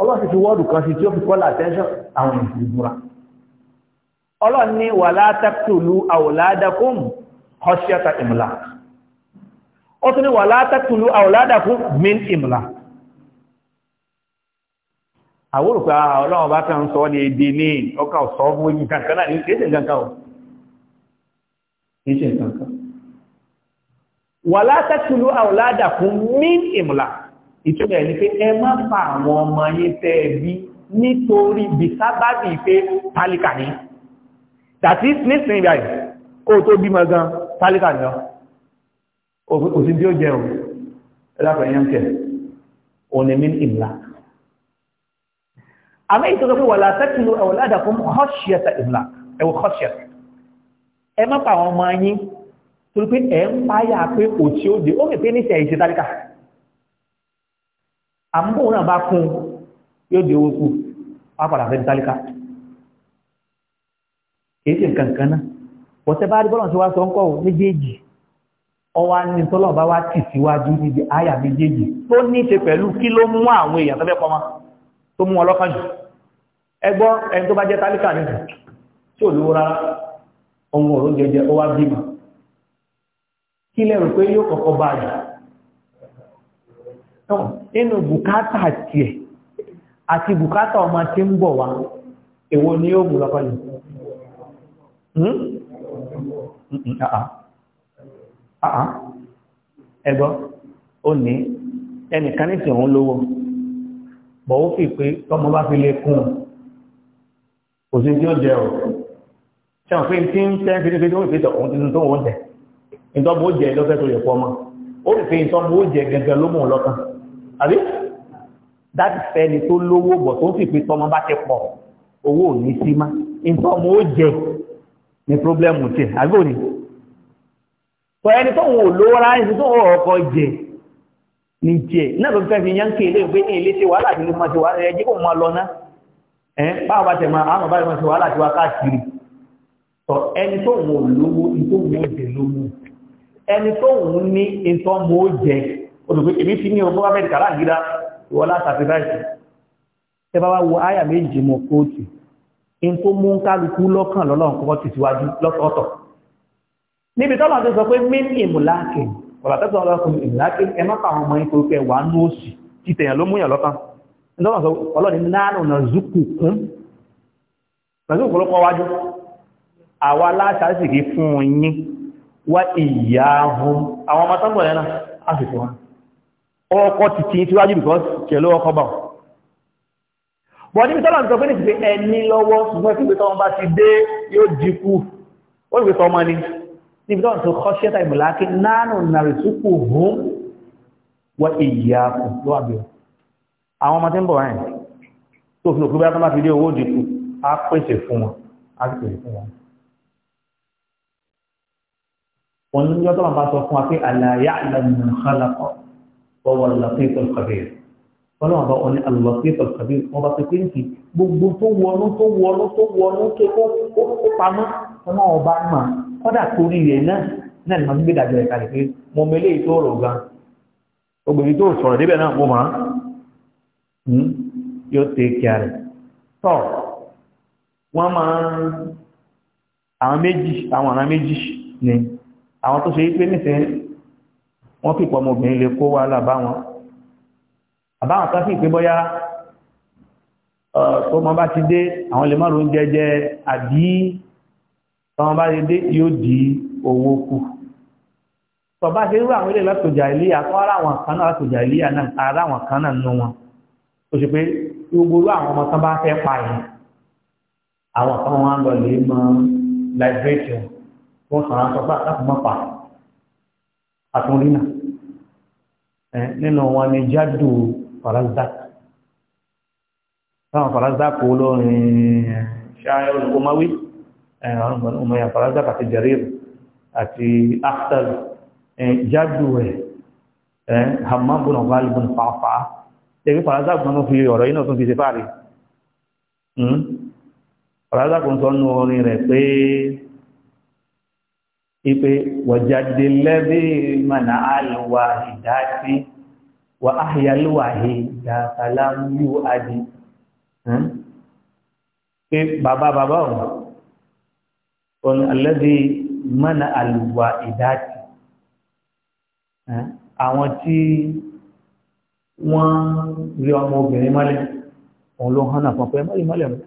ọlọ́run sì fi wọ́ọ̀dù kan sí tí ó fi kọ́lá attention àwọn èèyàn ìbúra ọlọ́run ní wà látàkùlù àwòládàkùn kọ́ṣíọ́tà ìmùlà ó tún ní wà látàkùlù àwòládàkùn min ìmùlà àwòrùkọ ah, ọlọ́run bá kàn sọ ní èdè ní ọkà ọ̀sọ́ fún kankan náà ní kéde kankan o kìí ṣe nǹkan kan wà látàkùlú àwòládà fún min ìmùlà ìtumọ̀ ní pé ẹ má fa àwọn ọmọ yín tẹ́ ẹ bí nítorí bisábàbí pé tálíkà ní tàbí nísìnyí báyìí kó tó bímọ gan tálíkà ní ọ òsì tí ó jẹ ẹ má pa àwọn ọmọ yín torí pé ẹ̀ ń páyà pé kò tí ó dé ó rè pé níṣẹ́ ìṣe tálíkà àmúbò náà bá kún yóò di owó kù wá padà fẹ́ tálíkà kì í ṣe nǹkan kan náà bọ́sẹ̀ bá rí bọ́lọ̀ tí wá sọ ń kọ́ méjèèjì ọwá ní tọ́lọ̀ bá wá tì síwájú níbi àyà méjèèjì tó ní ṣe pẹ̀lú kí ló mú àwọn èèyàn tọ́fẹ́ pọ́mọ́ tó mú ọlọ́kàn jù ẹgbọ́ ẹni tó bá jẹ́ tálíkà nìkan tí ò lówó rárá ọmọ òró jẹjẹ ó wá bímọ kí lẹ́rù pé yóò kọ́kọ́ bá jù nínú bùkátà tiẹ̀ àti bùkátà ọmọ tí ń bọ̀ wá èwo ni yóò mú lọ́kọ́ yìí ẹgbọ́ ó ní ẹnìkan ní tí òun lówó bọ̀ ó fi pé tọ́mọ bá fi lè kún òsìn tí ó jẹ́ ọ̀rọ̀ sẹ́wọ̀n pé tí ń tẹ́ fi ní fi ní òun ìfẹ́tọ̀ òun tuntun tó wọ́n tẹ̀ ìtọ́bù ó jẹ́ lọ́fẹ́ tó yẹ pọ́ mọ́ ó rí pé ìtọ́bù ó jẹ́ gẹ́gẹ́ ló mú lọ́kàn àbí dáàbì fẹ́ni tó lówó bọ̀ tó ń fi pé tọ́mọ bá ti pọ̀ owó ò ní sí má ìtọ́bù ó jẹ́ ní pírọ́blẹ́mù tì àbí òní. sọ ẹni tó ń wò lówó rárá ẹni tó ń wò ọkọ jẹ ní jẹ náà ló fẹ́ fi yán kéèlé pé ní ilé ṣe wàhálà tí mo máa ṣe wàhálà ẹ tọ ẹni tó ń lówó ìtò mọ́ jẹ lówó ẹni tó ń ní ìtọ́ mọ́ jẹ olùgbé èmi fi ní ọmọ amẹ́ríkà láàgídá wọlá sàfíláìsì tẹ bá wá wo àyà méjì mọ kóòtù in tó mú kálukú lọ́kàn lọ́lọ́run kọ́kọ́ ti síwájú lọ́tọ̀ọ̀tọ̀ níbi tọ́lọ̀ ti sọ pé mí ní ìmùláàkè ọ̀rọ̀ tẹ́sán ọlọ́kùnrin ìmùláàkè zuku kún pẹ̀lú ìpolówó àwa aláṣàásìkí fún yín wá ìyáhùn àwọn ọmọ tọ́gbọ̀n lẹ́nà àṣìkò wọn ọkọ̀ ti tí tíwájú bìkọ́ kẹlú ọkọ̀ bá wọ́n níbi tọ́lá nìkan fẹ́ni ti fi ẹni lọ́wọ́ ṣùgbọ́n ìpínlẹ̀ tọ́wọ́n bá ti dé yóò dínkù ó rí tọ́ ni níbi tọ́lá nìkan kọ́ ṣẹ́ta ìmọ̀láàkí nánú nàrí túkù hún wọ ìyá kù ló wà bẹ́ẹ̀ àwọn ọmọ tí ń bọ̀ wáyé tó wọn ní yọ́tọ̀ máa bá sọ fún wa pé àlàyé àlàmù khalaqọ̀ wọ́wọ́ lọ́pẹ́tọ̀ kàbíyà wọn náà bá wọn ní àlọ́pẹ́tọ̀ kàbíyà wọn bá pépé nìkì gbogbo tó wọnú tó wọnú tó wọnú tó kó pamọ́ wọn náà bá mà kọ́dà torí rẹ̀ náà náà ni wọn gbé dàjọ́ ẹ̀ka pé mo mẹ́lẹ́ ètò ọ̀rọ̀ gan obìnrin tó sọ̀rọ̀ débẹ̀ náà mo máa hmm? yóò tẹ kíá tọ́ wọ́n máa àwọn méjì àwọn àrà méjì ni àwọn tó ṣe yí pé nísìnyí wọ́n fi pọ̀ ọmọbìnrin lè kó wàhálà bá wọn àbáwọn kan sì pé bóyá tó mọ bá ti dé àwọn lè márùn jẹjẹ àbí tọmọ bá ti dé yóò di owó kù tọba ṣe rú àwọn ilé lọ́tọ̀jà ìlíyà kọ́ ara àwọn kan náà lọ́tọ̀jà ìlíyà náà ara àwọn kan náà nínú wọn ó ṣe pé gbogbo rú àwọn ọmọ tán bá fẹ́ pa àwọn kan wọn lọ lè mọ wọ́n sàn án sọ́pá láti mọ́ pa àtúnrínà nínú wọn ni jádù farazdak táwọn farazdak olórin ṣááyọ̀ olùkọ́máwí ọmọya farazdak àti jarir àti akhtar jádù ẹ̀ hammam bùnà ghalibun fàáfà tẹ̀wé farazdak náà fi ọ̀rọ̀ yìí náà tún fi ṣe fáàrí hmm? farazdak ń sọ nínú orin rẹ̀ pé ipe wọ̀jáde lẹ́bí mana alùwà ìdásí wà áhìyàlùwà ìdásàlámù àdì pé bàbá bàbá ọ̀nà ọ̀nà alẹ́bí mana alùwà ìdásí hmm? àwọn tí wọ́n rí ọmọ obìnrin mọ́lẹ̀ òun ló hánà fún pé mọ́lẹ̀ mọ́lẹ̀ mọ́lẹ̀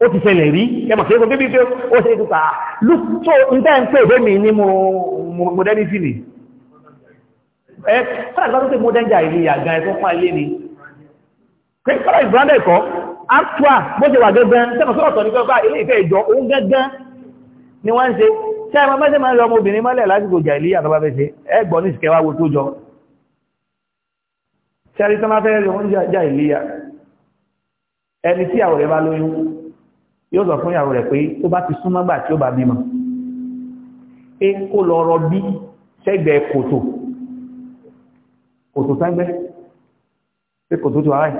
ó ti ṣẹlẹ̀ rí ẹmọ̀ sí ẹkùn bíbí pé ó ṣe ìdúkà lúkútó ǹdẹ́ ń pè bẹ́ mi ní modernity ni ẹ kọ́nà ìgbà tó ṣe modern jà ìlú yàgá ẹ̀kọ́ fún ayé ni kọ́nà ìgbàndà ẹ̀kọ́ actua bó ṣe wà gẹ́gẹ́ sẹ́mọ̀ sọ́rọ̀ tọ̀ ní pé ọba ilé ìfẹ́ ni wọ́n ń ṣe ṣe ẹ̀mọ́ mẹ́sẹ̀ máa ń lọ ọmọbìnrin mọ́lẹ̀ lásìkò jà ìlú yàtọ̀ bá fẹ́ ṣe ẹ gbọ́ ní ìsìnkẹ́ wá wo tó ẹni tí àwọ̀ rẹ̀ lóyún yóò sọ fún ìyàwó rẹ̀ pé tó bá ti súnmọ́ gbà tí ó bá bímọ pé kó lọ rọ bí sẹ́gbẹ̀ kòtò kòtò sẹ́gbẹ́ pé kòtò tó wáyé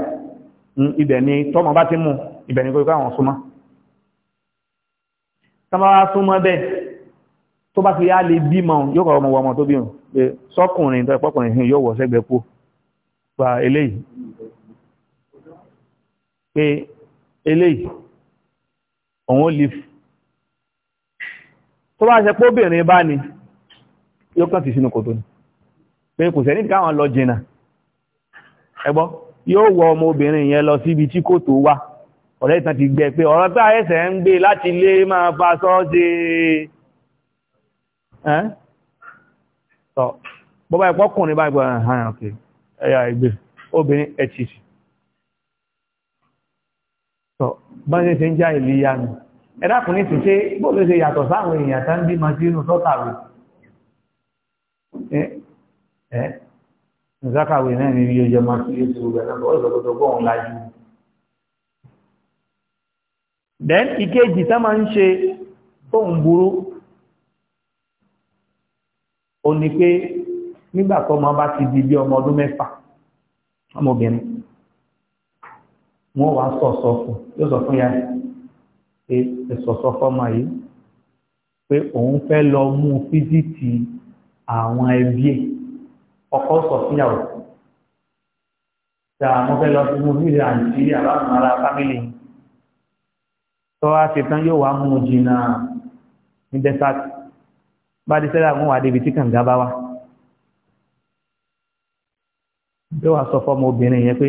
hmm, ibẹ̀ ni tọ́mọ bá ti mú ibẹ̀ ni kòtò àwọn súnmọ́ tọ́mọ bá súnmọ́ bẹ́ẹ̀ tó bá ti yá lè bímọ yóò kọ̀ ọmọ tó bí pé sọ́kùnrin tó ẹ̀pọ́kùnrin yóò wọ̀ sẹ́gbẹ̀ kó gba eléyìí pé eléyìí òun leave tó bá ṣe pé obìnrin bá ní yóò kàn ti sínú kòtò ní pé kò sẹ́ nígbà wọn lọ jìnà ẹgbọ́ yóò wọ ọmọ obìnrin yẹn lọ tí ọ̀rẹ́ ìtàn ti gbẹ e pé ọ̀rọ̀ ń gbé láti lé máa fa sọ́ọ́sì ẹ́ bọ́bá ẹ̀pọ́kùnrin bá gbọ́ tọ́ bá ṣe ṣe ń já ìlú ya nù ẹ̀dàkùnrin ti ṣe bó ló ṣe yàtọ̀ sáwọn èèyàn tá ń bí ma sí inú sọ́tàwé ẹ́ ìzákàwé náà ní ilé ọjọ́ máa sí ilé ìṣòro ẹ̀ náà bọ́ then ìkejì tá máa ń ṣe tóun burú ó ní pé nígbà tó bá ti di bí ọmọ ọdún mẹ́fà ọmọbìnrin wọ́n wá sọ̀sọ̀ fún yóò sọ fún ya pé ìsọ̀sọ̀ fọ́mọ yìí pé òun fẹ́ lọ mú fíjìtì àwọn ẹbí ẹ̀ ọkọ sọ fúnyàwó tá àwọn fẹ́ lọ sí mú fíjìtì àǹtí àbáwọn ará fámìlì tó wá ṣe tán yóò wá mú jìnnà ní dẹ́sàtì bá dé sẹ́dá wọn wà débi tí kàǹgá bá wà yóò wá sọ fọ́mọ obìnrin yẹn pé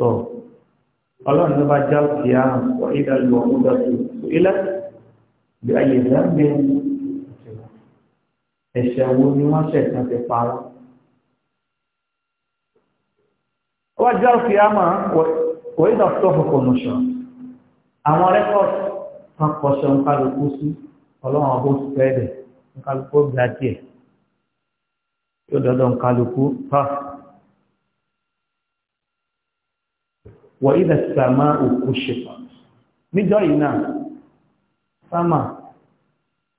so ọlọ́run ló bá já òkè àrùn wọ ìdá lu ọ̀hún dọ̀tí ilẹ̀ bí ayé ìdáǹgbé ẹ̀ṣẹ̀ wo ni wọ́n ṣẹ̀ kan ti parọ́ ó wá já òkè àmà wọ ìdá tó fọkàn nùṣọ àwọn rẹ́kọ̀tì kan kọṣọ nkálukú sí ọlọ́run ọ̀hún spread nkálukú gbà tiẹ̀ dọ́dọ̀ nkálukú pa. wọ̀ ìdẹ̀ sàmà òkú ṣèpà níjọ́ yìí náà sámà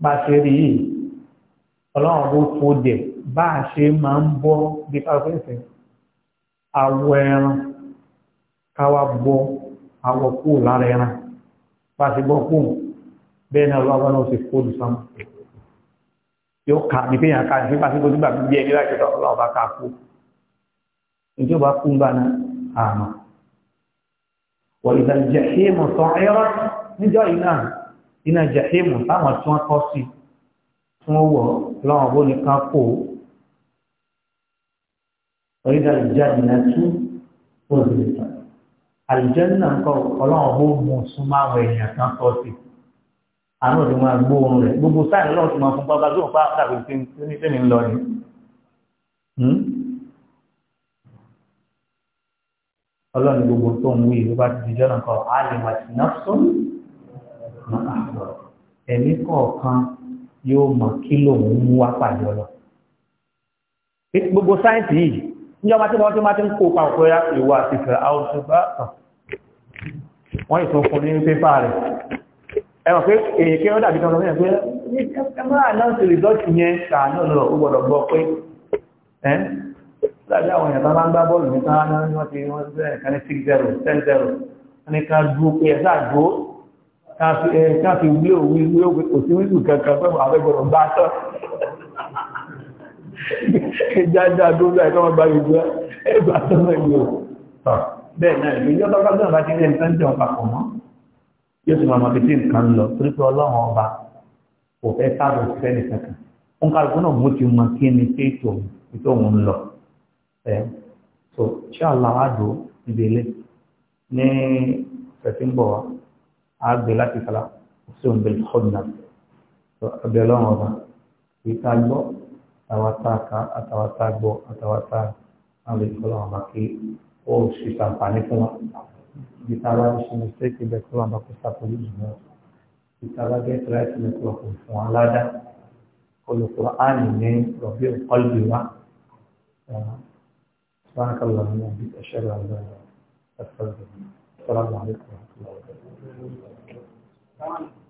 bá ṣe rí yìí ọlọ́run ló fò dẹ̀ bá a ṣe máa ń bọ́ bí káwọn fẹ́ awọ ẹran káwa bọ́ awọ kúrò lára ẹran bá a ṣe bọ́ kúrò bẹ́ẹ̀ náà ọlọ́run náà ṣe fòdù sámà yóò kà ní pé yàn ká ní pípa síkò nígbà bí ẹni láti ọlọ́run bá ká kú ìjọba kú ń bá náà àmọ́. وإذا الجحيم سعرت نجا إنا إنا جحيم تاما تون قصي هو لا أقول كاكو وإذا الجنة أزلفت الجنة قال هو مسمى وين قصي àwọn òdì máa gbó oorun rẹ̀ gbogbo sáà lọ́wọ́ ti máa fún bàbá tó ń pa àkàrà ìpín ní tẹ́mi ń lọ ni ọlọ́run gbogbo tó ń wí ló bá ti di jọ́nà kan á lè wà sí náfsọ́ ẹ̀mí kọ̀ọ̀kan yóò mọ̀ kí lòun mú wá pàdé ọlọ. gbogbo sáyẹ́ǹsì yìí ní ọmọ tí wọ́n ti máa ti ń kó pa òkúra ìwà àti ìfẹ́ àwùjọ bá tàn wọ́n ìtún fún ní pépà rẹ̀ ẹwọ̀n pé èyí kí ó dàbí kan lọ́wọ́ pé ẹ máa náà ti rìsọ́ọ̀tì yẹn kà lọ ó gbọ́dọ̀ gbọ́ pé láti àwọn èèyàn tó máa ń gbá bọ́ọ̀lù ní ká ní wọ́n ti wọ́n ti bẹ́ẹ̀ kan ní six zero ten zero wọ́n ní ká dúró pé ẹ̀ sáà dúró ká fi wílé òwú ìwé òwú kò sí wílù kankan pẹ̀lú àfẹ́gbọ̀rọ̀ bá tọ́ ìjájá dúró láì kọ́mọ bá yóò gbé ẹgbà tó mọ̀ ìwé o tọ̀ bẹ́ẹ̀ náà ìjọ tó bá gbọ́n bá ti rí nǹkan jẹun papọ̀ mọ́ yóò sì máa fi nǹkan lọ torí pé ọlọ́run ọba kò fẹ́ sábà fẹ́ nìkan kan ó ń kálukú náà mú ti mọ ẹ̀ so inshallah àdó ibi ilé ní ṣẹ̀tí ń bọ̀ wá á gbé láti kala ṣéun bẹ̀rẹ̀ ṣọ́nà ọbẹ̀ ọlọ́run ọba kì í ká gbọ́ àtàwátá ká àtàwátá gbọ́ àtàwátá àwọn ìfọlọ́run ọba kí ó ṣe ṣàǹfààní fún wa ibi tá a bá ṣe mistake bẹ́ẹ̀ kọ́ lọ́nà kó ṣàkóso jùlọ ibi tá a bá gẹ́ tíráìtì ní kó lọ́kùn fún wa ládàá olùkọ́ àná ní rọ̀bì ọ̀kọ́lùbí سبحانك اللهم وبحمدك أشهد أن لا إله إلا أنت أستغفرك واتوب اليك السلام عليكم ورحمة الله وبركاته